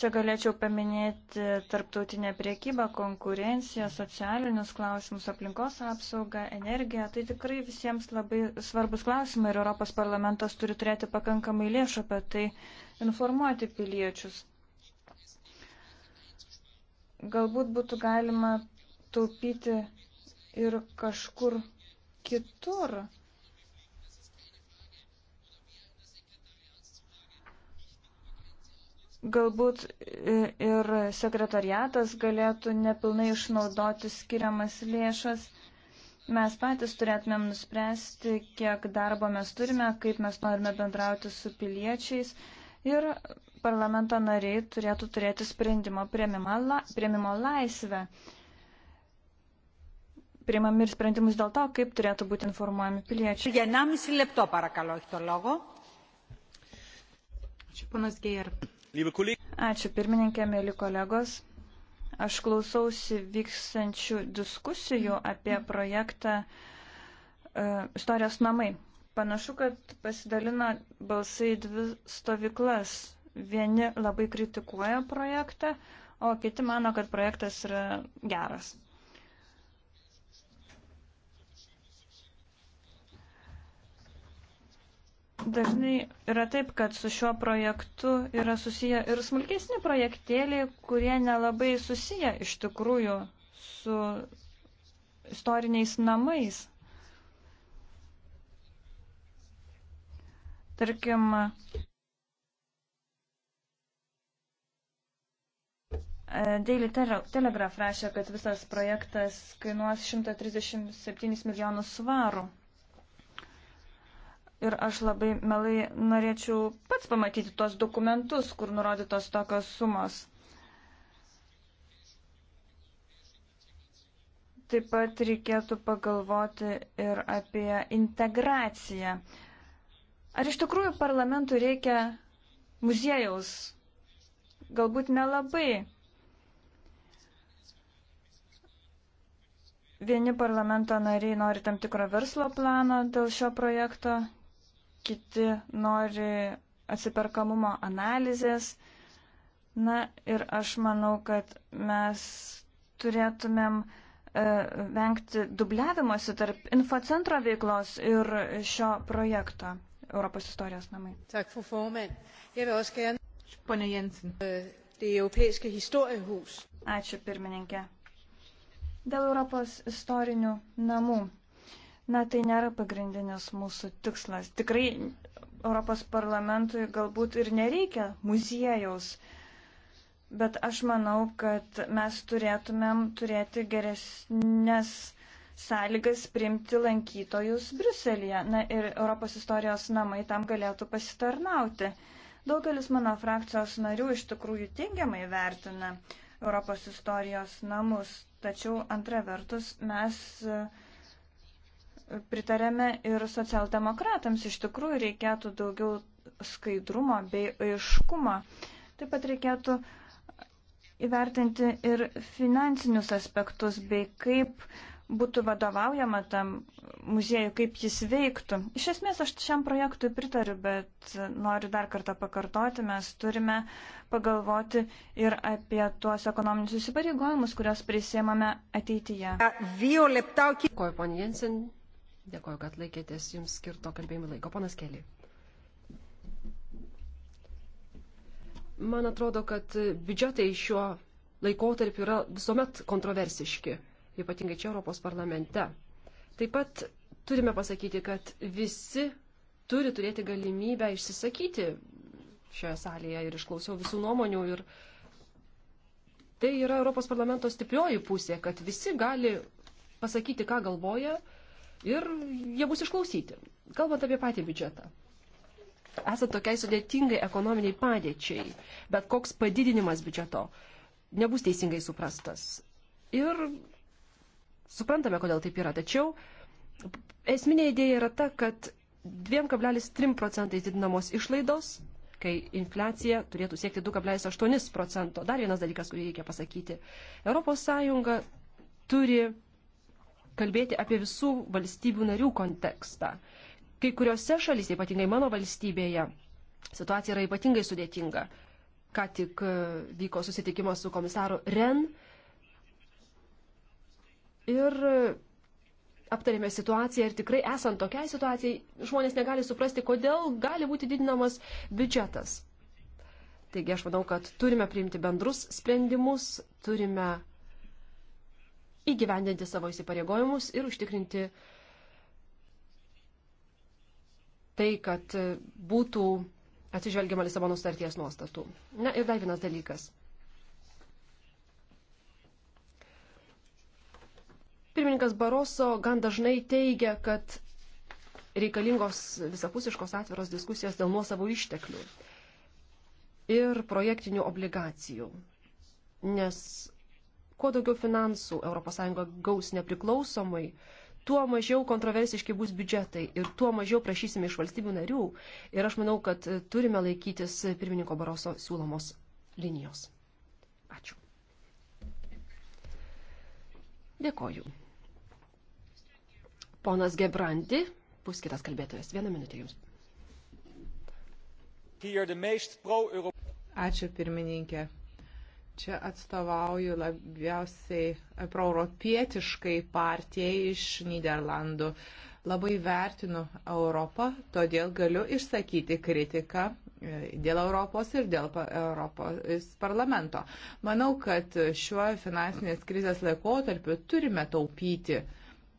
Čia galėčiau paminėti tarptautinę priekybą, konkurenciją, socialinius klausimus, aplinkos apsaugą, energiją. Tai tikrai visiems labai svarbus klausimai ir Europos parlamentas turi turėti pakankamai lėšų apie tai informuoti piliečius. Galbūt būtų galima taupyti ir kažkur kitur. Galbūt e, ir sekretariatas galėtų nepilnai išnaudoti skiriamas lėšas. Mes patys turėtumėm nuspręsti, kiek darbo mes turime, kaip mes norime bendrauti su piliečiais ir parlamento nariai turėtų turėti sprendimo prieimimo laisvę. Priimami ir sprendimus dėl to, kaip turėtų būti informuojami piliečiai. Για 1,5 λεπτό παρακαλώ έχει το λόγο. Ačiū, panas Geijer. Ačiū pirmininkė, mėly kolegos. Aš klausausi vykstančių diskusijų apie projektą uh, Istorijos namai. Panašu, kad pasidalina balsai dvi stovyklas. Vieni labai kritikuoja projektą, o kiti mano, kad projektas yra geras. Dažnai yra taip, kad su šiuo projektu yra susiję ir smulkesni projektėliai, kurie nelabai susiję iš tikrųjų su istoriniais namais. Tarkim, e, Daily Telegraph rašė, kad visas projektas kainuos 137 milijonus svarų. Ir aš labai melai norėčiau pats pamatyti tos dokumentus, kur nurodytos tokios sumos. Taip pat reikėtų pagalvoti ir apie integraciją. Ar iš tikrųjų parlamentui reikia muziejaus? Galbūt nelabai. Vieni parlamento nariai nori tam tikro verslo plano dėl šio projekto, kiti nori atsiperkamumo analizės. Na ir aš manau, kad mes turėtumėm e, vengti dubliavimuose tarp infocentro veiklos ir šio projekto Europos istorijos namai. Tak, fru formand. Jeg vil også gerne... Pone Jensen. Øh, det europæiske historiehus. Ačiū, pirmininkė. Dėl Europos istorinių namų. Na, tai nėra pagrindinis mūsų tikslas. Tikrai Europos parlamentui galbūt ir nereikia muziejaus, bet aš manau, kad mes turėtumėm turėti geresnės sąlygas priimti lankytojus Bruselėje. Na ir Europos istorijos namai tam galėtų pasitarnauti. Daugelis mano frakcijos narių iš tikrųjų teigiamai vertina Europos istorijos namus, tačiau antra vertus mes uh, pritarėme ir socialdemokratams. Iš tikrųjų reikėtų daugiau skaidrumo bei aiškumo. Taip pat reikėtų įvertinti ir finansinius aspektus bei kaip būtų vadovaujama tam muziejui, kaip jis veiktų. Iš esmės aš šiam projektui pritariu, bet noriu dar kartą pakartoti, mes turime pagalvoti ir apie tuos ekonominius įsipareigojimus, kuriuos prisėmame ateityje. Dėkuoju, ponė Jensen. Dėkoju, kad laikėtės jums skirto kalbėjimo laiko. Panas Keli. Man atrodo, kad biudžetai šiuo laikotarpiu yra visuomet kontroversiški, ypatingai čia Europos parlamente. Taip pat turime pasakyti, kad visi turi turėti galimybę išsisakyti šioje salėje ir išklausiau visų nuomonių ir tai yra Europos parlamento stiprioji pusė, kad visi gali pasakyti, ką galvoja ir jie bus išklausyti. Kalbant apie patį biudžetą. Esant tokiai sudėtingai ekonominiai padėčiai, bet koks padidinimas biudžeto nebus teisingai suprastas. Ir suprantame, kodėl taip yra. Tačiau esminė idėja yra ta, kad 2,3 procentais didinamos išlaidos, kai infliacija turėtų siekti 2,8 procento. Dar vienas dalykas, kurį reikia pasakyti. ES turi kalbėti apie visų valstybių narių kontekstą. Kai kuriuose šalyse, ypatingai mano valstybėje, situacija yra ypatingai sudėtinga. Ką tik e, vyko susitikimas su komisaru Ren ir e, aptarėme situaciją ir tikrai esant tokiai situacijai žmonės negali suprasti, kodėl gali būti didinamas biudžetas. Taigi aš manau, kad turime priimti bendrus sprendimus, turime įgyvendinti savo įsipareigojimus ir užtikrinti tai, kad būtų atsižvelgiama Lisabono starties nuostatų. Na ir dar vienas dalykas. Pirmininkas Baroso gan dažnai teigia, kad reikalingos visapusiškos atviros diskusijos dėl nuosavų išteklių ir projektinių obligacijų, nes kuo daugiau finansų ES gaus nepriklausomai, tuo mažiau kontroversiški bus biudžetai ir tuo mažiau prašysime iš valstybių narių. Ir aš manau, kad turime laikytis pirmininko Baroso siūlomos linijos. Ačiū. Dėkoju. Ponas Gebrandi, bus kitas kalbėtojas. Vieną minutę jums. Ačiū pirmininkė Čia atstovauju labiausiai proeuropietiškai partijai iš Niderlandų. Labai vertinu Europą, todėl galiu išsakyti kritiką e, dėl Europos ir dėl Europos parlamento. Manau, kad šiuo finansinės krizės laikotarpiu turime taupyti,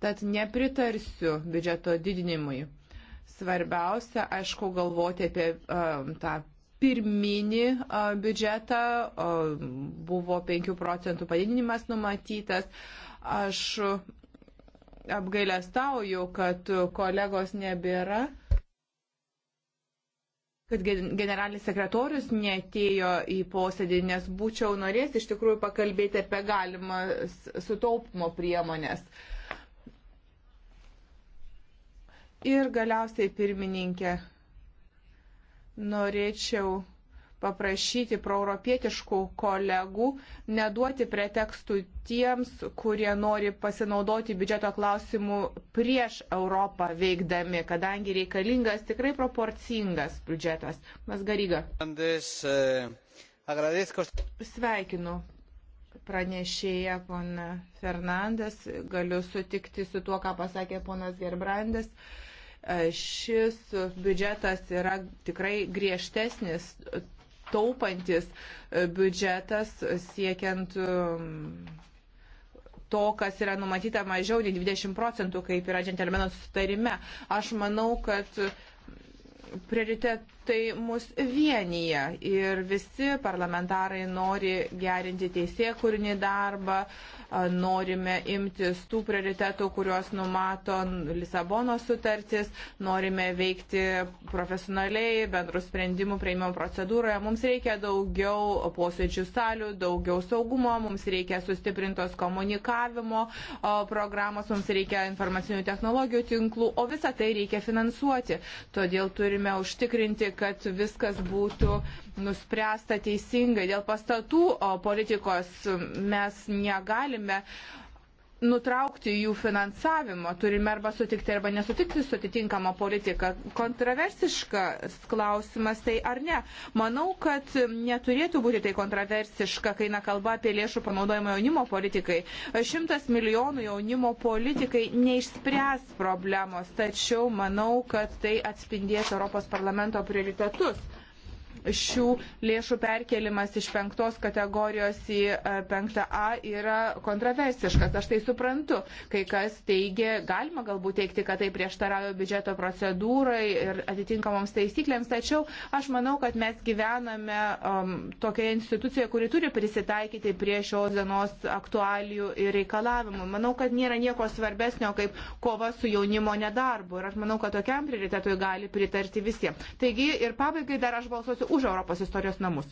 tad nepritarsiu biudžeto didinimui svarbiausia, aišku, galvoti apie uh, tą pirminį biudžetą buvo 5 procentų padidinimas numatytas. Aš apgailestauju, kad kolegos nebėra kad generalinis sekretorius netėjo į posėdį, nes būčiau norės iš tikrųjų pakalbėti apie galimas sutaupimo priemonės. Ir galiausiai pirmininkė norėčiau paprašyti proeuropietiškų kolegų neduoti pretekstų tiems, kurie nori pasinaudoti biudžeto klausimų prieš Europą veikdami, kadangi reikalingas tikrai proporcingas biudžetas. Mas Garyga. E, Sveikinu pranešėja pona Fernandes, galiu sutikti su tuo, ką pasakė ponas Gerbrandes. Uh, Šis biudžetas yra tikrai griežtesnis, taupantis biudžetas siekiant um, to, kas yra numatyta mažiau nei 20 procentų, kaip yra džentelmeno sustarime. Aš manau, kad prioritetų tai mus vienyje ir visi parlamentarai nori gerinti teisėkūrinį darbą, norime imtis tų prioritetų, kuriuos numato Lisabono sutartis, norime veikti profesionaliai, bendrų sprendimų prieimimo procedūroje, mums reikia daugiau posėdžių salių, daugiau saugumo, mums reikia sustiprintos komunikavimo programos, mums reikia informacinių technologijų tinklų, o visą tai reikia finansuoti. Todėl turime užtikrinti, kad viskas būtų nuspręsta teisingai. Dėl pastatų politikos mes negalime uh, nutraukti jų finansavimo, turime arba sutikti arba nesutikti su atitinkama politika. Kontroversiškas klausimas tai ar ne? Manau, kad neturėtų būti tai kontroversiška, kai na kalba apie lėšų panaudojimą jaunimo politikai. Šimtas milijonų jaunimo politikai neišspręs problemos, tačiau manau, kad tai atspindės Europos parlamento prioritetus šių lėšų perkelimas iš penktos kategorijos į e, penktą A yra kontroversiškas. Aš tai suprantu. Kai kas teigia, galima galbūt teikti, kad tai prieštarauja biudžeto procedūrai ir atitinkamoms taisyklėms, tačiau aš manau, kad mes gyvename um, tokioje institucijoje, kuri turi prisitaikyti prie šios dienos aktualijų ir reikalavimų. Manau, kad nėra nieko svarbesnio kaip kova su jaunimo nedarbu ir aš manau, kad tokiam prioritetui gali pritarti visi. Taigi ir pabaigai dar aš balsuosiu balsuosiu už Europos istorijos namus.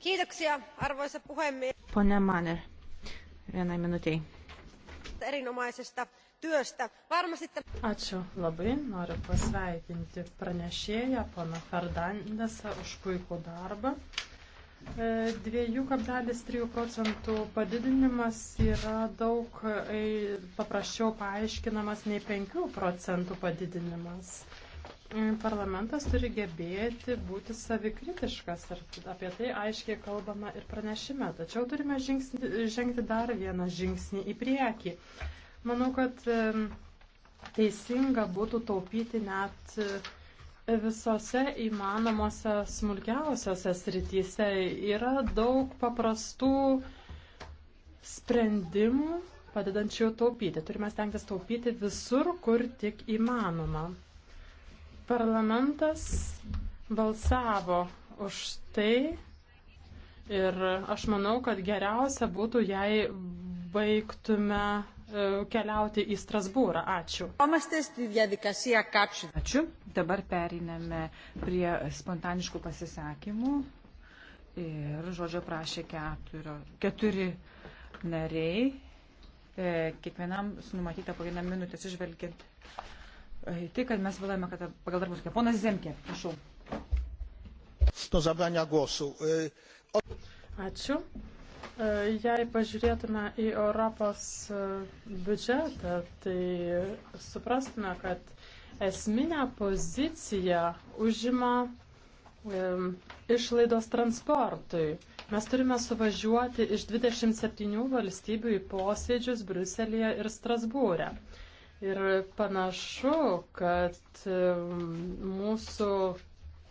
Kiitoksia, arvoisa puhemies. Pone Manner, vienai minutei. Erinomaisesta työstä. Varmasti... Ačiū labai, noriu pasveikinti pranešėją, pana Ferdandesą, už puikų darbą. 2,3 procentų padidinimas yra daug paprasčiau paaiškinamas nei 5 procentų padidinimas. Parlamentas turi gebėti būti savikritiškas ir apie tai aiškiai kalbama ir pranešime. Tačiau turime žingsni, žengti dar vieną žingsnį į priekį. Manau, kad teisinga būtų taupyti net e, visose įmanomose smulkiausiose srityse. Yra daug paprastų sprendimų padedančių taupyti. Turime stengtis taupyti visur, kur tik įmanoma. Parlamentas balsavo už tai ir aš manau, kad geriausia būtų, jei baigtume e, keliauti į Strasbūrą. Ačiū. Ačiū. Dabar periname prie spontaniškų pasisakymų. Ir žodžio prašė keturio, keturi nariai. E, kiekvienam numatyta po vieną minutę atsižvelgiant E, tai, kad mes vėluojame, kad pagal darbus. Ponas Zemke, prašau. Do zabrania głosu. E, Ačiū. E, jei pažiūrėtume į Europos biudžetą, tai suprastume, kad esminę poziciją užima išlaidos transportui. Mes turime suvažiuoti iš 27 valstybių į posėdžius Bruselėje ir Strasbūrė. E. Ir panašu, kad um, mūsų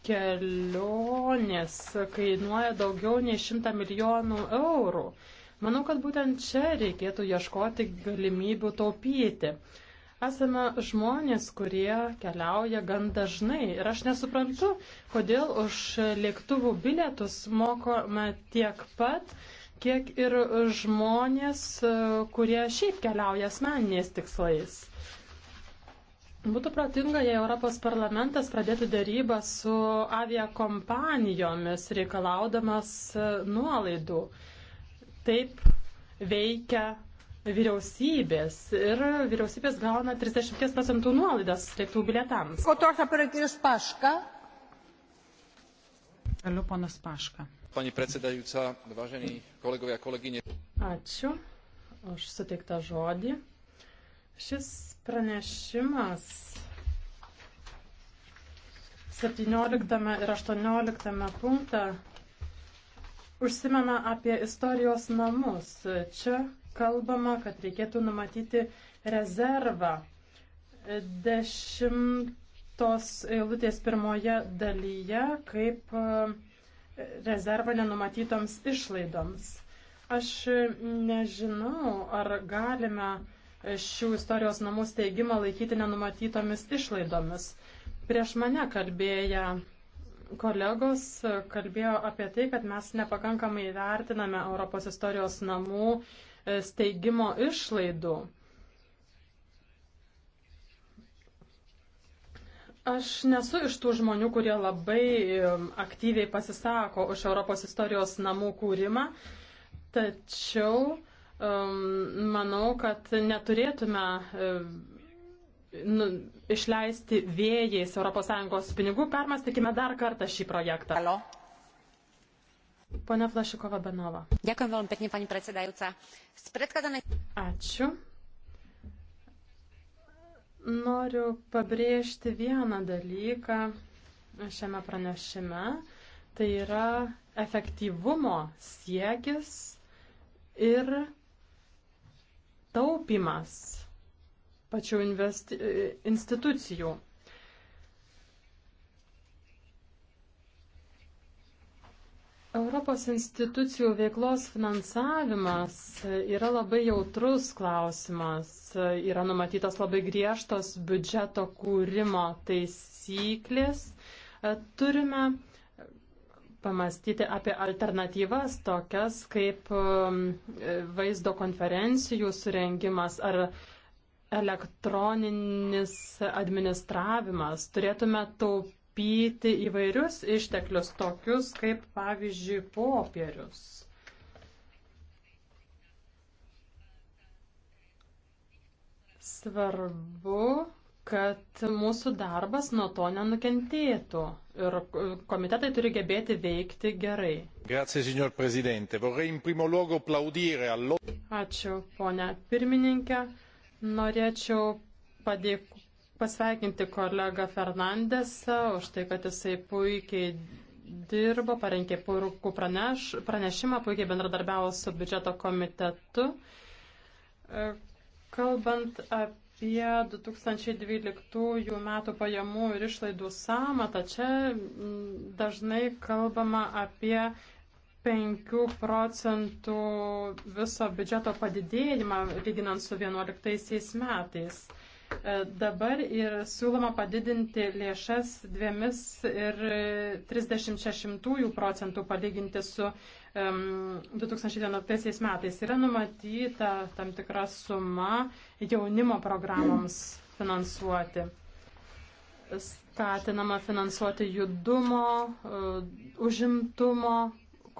kelionės kainuoja daugiau nei 100 milijonų eurų. Manau, kad būtent čia reikėtų ieškoti galimybių taupyti. Esame žmonės, kurie keliauja gan dažnai ir aš nesuprantu, kodėl už lėktuvų bilietus mokome tiek pat, kiek ir žmonės, kurie šiaip keliauja asmeniniais tikslais. Būtų pratinga, jei Europos parlamentas pradėtų dėrybą su aviakompanijomis reikalaudamas nuolaidų. Taip veikia vyriausybės ir vyriausybės gauna 30 procentų nuolaidas lėktuvų bilietams. Ko to, ką parakėjus Paška? Galiu ponas Paška. Pani predsedajúca, vážení kolegovia, kolegyne. Ačiū už suteiktą žodį. Šis pranešimas 17 ir 18 punktą užsimena apie istorijos namus. Čia kalbama, kad reikėtų numatyti rezervą. Dešimtos eilutės pirmoje dalyje, kaip rezervą nenumatytoms išlaidoms. Aš nežinau, ar galime šių istorijos namų steigimą laikyti nenumatytomis išlaidomis. Prieš mane kalbėję kolegos kalbėjo apie tai, kad mes nepakankamai vertiname Europos istorijos namų steigimo išlaidų. Aš nesu iš tų žmonių, kurie labai aktyviai pasisako už Europos istorijos namų kūrimą, tačiau um, manau, kad neturėtume um, nu, išleisti vėjais ES pinigų. Permastykime dar kartą šį projektą. Halo. Pone Flašikova Benova. Dėkui, vėl, pekni, pani predsedajúca. Ačiū. Noriu pabrėžti vieną dalyką šiame pranešime. Tai yra efektyvumo siekis ir taupimas pačių investi... institucijų. Europos institucijų veiklos finansavimas yra labai jautrus klausimas. Yra numatytos labai griežtos biudžeto kūrimo taisyklės. Turime pamastyti apie alternatyvas tokias kaip um, vaizdo konferencijų surengimas ar elektroninis administravimas. Turėtume taupyti taupyti įvairius išteklius, tokius kaip pavyzdžiui popierius. Svarbu, kad mūsų darbas nuo to nenukentėtų ir komitetai turi gebėti veikti gerai. Grazie, signor Presidente. Vorrei in primo luogo plaudire allo... Ačiū, ponia pirmininkė. Norėčiau padėkoti pasveikinti kolegą Fernandesą už tai, kad jisai puikiai dirbo, parengė puikų praneš, pranešimą, puikiai bendradarbiavo su biudžeto komitetu. E, kalbant apie 2012 metų pajamų ir išlaidų samatą, čia dažnai kalbama apie 5 procentų viso biudžeto padidėjimą lyginant su 2011 metais. E, dabar ir siūloma padidinti lėšas 2 ir 36 procentų palyginti su 2011 metais. Yra numatyta tam tikra suma jaunimo programoms finansuoti skatinama finansuoti judumo, e, užimtumo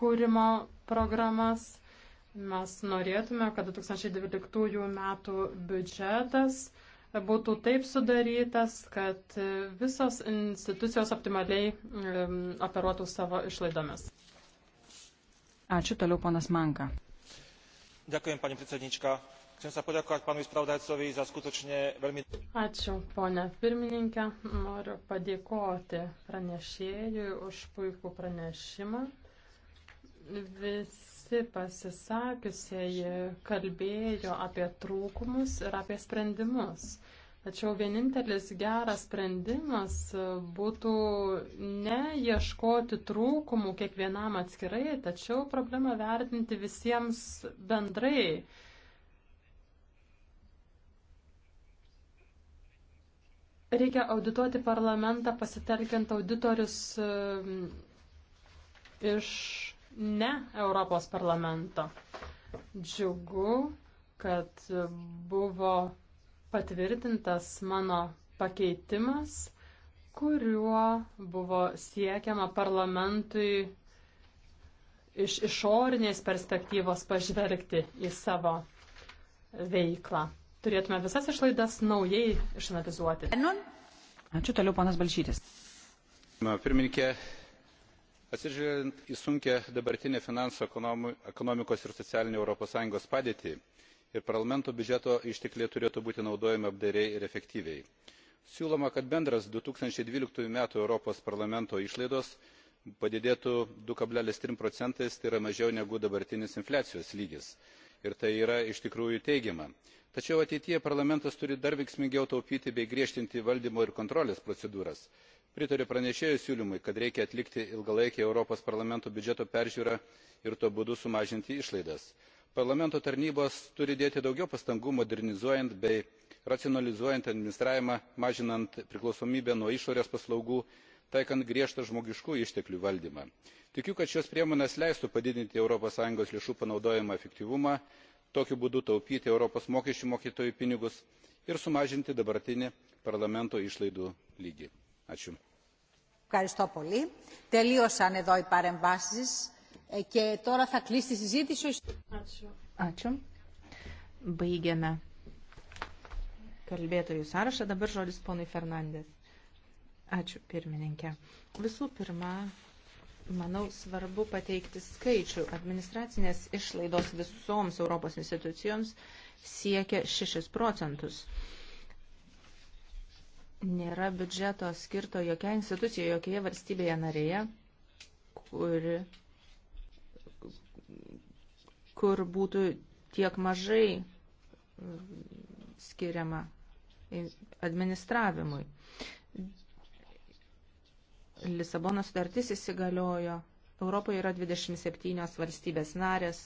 kūrimo programas. Mes norėtume, kad 2012 metų biudžetas būtų taip sudarytas, kad visos institucijos optimaliai operuotų savo išlaidomis. Ačiū toliau, ponas Manka. Dėkujem, panie predsednička. Chcem sa poďakovať pánovi spravodajcovi za skutočne veľmi... Ačiū, ponia pirmininkė. Noriu padėkoti pranešėjui už puikų pranešimą. Visi visi pasisakiusieji kalbėjo apie trūkumus ir apie sprendimus. Tačiau vienintelis geras sprendimas būtų ne ieškoti trūkumų kiekvienam atskirai, tačiau problemą vertinti visiems bendrai. Reikia audituoti parlamentą pasitelkiant auditorius um, iš ne Europos parlamento. Džiugu, kad buvo patvirtintas mano pakeitimas, kuriuo buvo siekiama parlamentui iš išorinės perspektyvos pažvelgti į savo veiklą. Turėtume visas išlaidas naujai išanalizuoti. Ačiū toliau, ponas Balšytis. Pirmininkė, atsižvelgiant į sunkią dabartinę finansų ekonomikos ir socialinę europos sąjungos padėtį ir parlamento biudžeto ištekliai turėtų būti naudojami apdairiai ir efektyviai. siūloma kad bendros du tūkstančiai dvylika m. europos parlamento išlaidos padidėtų du tris procentais tai yra mažiau negu dabartinis infliacijos lygis ir tai yra iš tikrųjų teigiama. tačiau ateityje parlamentas turi dar veiksmingiau taupyti bei griežtinti valdymo ir kontrolės procedūras pritariu pranešėjo siūlymui kad reikia atlikti ilgalaikę europos parlamento biudžeto peržiūrą ir tuo būdu sumažinti išlaidas. parlamento tarnybos turi dėti daugiau pastangų modernizuojant bei racionalizuojant administravimą mažinant priklausomybę nuo išorės paslaugų taikant griežtą žmogiškųjų išteklių valdymą. tikiu kad šios priemonės leistų padidinti europos sąjungos lėšų panaudojimo efektyvumą tokiu būdu taupyti europos mokesčių mokėtojų pinigus ir sumažinti dabartinį parlamento išlaidų lygį. Ačiū. Ευχαριστώ πολύ. Τελείωσαν εδώ οι παρεμβάσεις και τώρα θα κλείσει τη συζήτηση. Ačiū. Ačiū. Baigiame kalbėtojų sąrašą. Dabar žodis ponui Fernandės. Ačiū, pirmininkė. Visų pirma, manau, svarbu pateikti skaičių. Administracinės išlaidos visoms Europos institucijoms siekia 6 procentus nėra biudžeto skirto jokia institucija, jokioje valstybėje narėje, kuri, kur būtų tiek mažai skiriama administravimui. Lisabono sutartis įsigaliojo, Europoje yra 27 valstybės narės,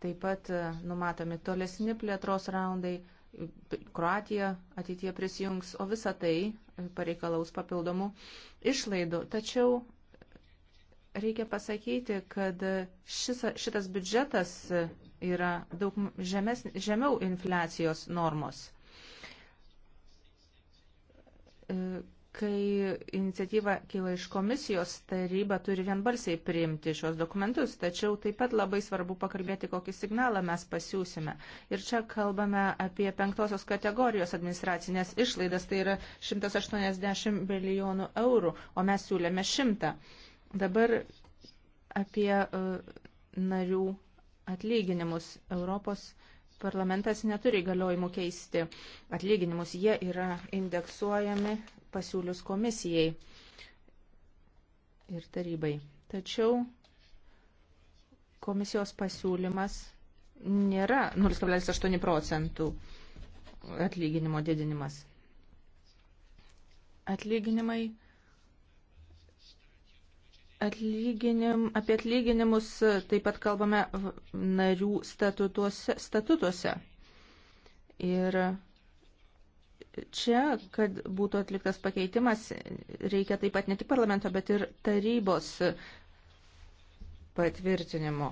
taip pat e, numatomi tolesni plėtros raundai Kroatija ateityje prisijungs, o visa tai pareikalaus papildomų išlaidų. Tačiau reikia pasakyti, kad šis, šitas biudžetas yra daug žemes, žemiau infliacijos normos kai iniciatyva kyla iš komisijos, taryba turi vienbalsiai priimti šios dokumentus, tačiau taip pat labai svarbu pakalbėti, kokį signalą mes pasiūsime. Ir čia kalbame apie penktosios kategorijos administracinės išlaidas, tai yra 180 milijonų eurų, o mes siūlėme 100. Dabar apie uh, narių atlyginimus Europos parlamentas neturi galiojimų keisti atlyginimus, jie yra indeksuojami pasiūlius komisijai ir tarybai. Tačiau komisijos pasiūlymas nėra 0,8 procentų atlyginimo didinimas. Atlyginimai Atlyginim, apie atlyginimus taip pat kalbame narių statutuose. statutuose. Ir čia, kad būtų atliktas pakeitimas, reikia taip pat ne tik parlamento, bet ir tarybos patvirtinimo.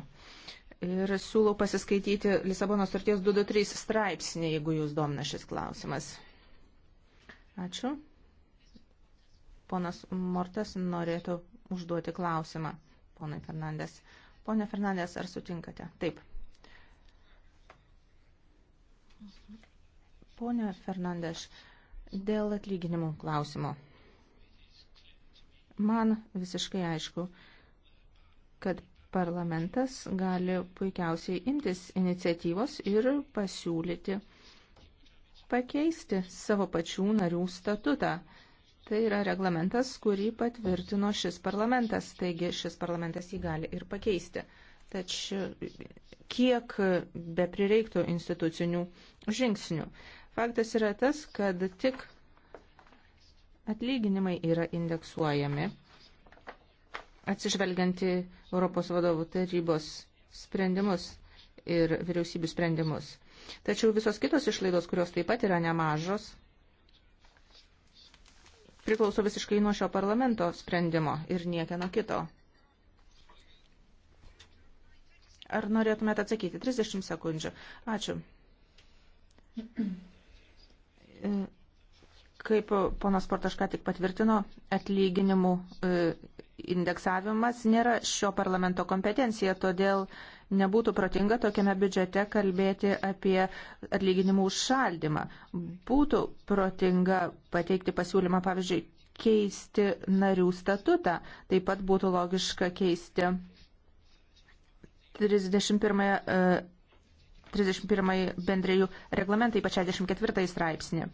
Ir siūlau pasiskaityti Lisabono starties 223 straipsnį, jeigu jūs domna šis klausimas. Ačiū. Ponas Mortas norėtų užduoti klausimą. Ponai Fernandės. Pone Fernandės, ar sutinkate? Taip. Pone Fernandes, dėl atlyginimų klausimo. Man visiškai aišku, kad parlamentas gali puikiausiai imtis iniciatyvos ir pasiūlyti pakeisti savo pačių narių statutą. Tai yra reglamentas, kurį patvirtino šis parlamentas, taigi šis parlamentas jį gali ir pakeisti. Tačiau kiek be prireiktų institucinių žingsnių. Faktas yra tas, kad tik atlyginimai yra indeksuojami atsižvelgianti Europos vadovų tarybos sprendimus ir vyriausybių sprendimus. Tačiau visos kitos išlaidos, kurios taip pat yra nemažos, priklauso visiškai nuo šio parlamento sprendimo ir niekieno kito. Ar norėtumėte atsakyti? 30 sekundžių. Ačiū. E, kaip ponas Portaška tik patvirtino, atlyginimų e, indeksavimas nėra šio parlamento kompetencija, todėl nebūtų protinga tokiame biudžete kalbėti apie atlyginimų užšaldymą. Būtų protinga pateikti pasiūlymą, pavyzdžiui, keisti narių statutą. Taip pat būtų logiška keisti 31 31 bendrėjų reglamentą, ypač 64 straipsnį.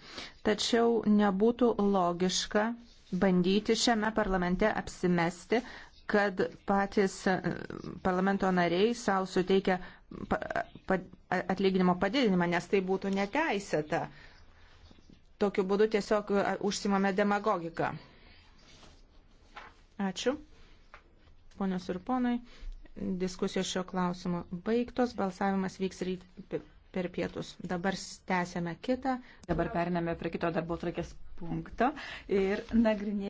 Tačiau nebūtų logiška bandyti šiame parlamente apsimesti, kad patys e, parlamento nariai savo suteikia atlyginimo padidinimą, nes tai būtų neteisėta. Tokiu būdu tiesiog e, užsimame demagogiką. Ačiū. Ponios ir ponai. Diskusijos šio klausimo baigtos, balsavimas vyks ryt per pietus. Dabar tęsėme kitą. Dabar periname prie kito darbo trakės punkto ir nagrinėsime.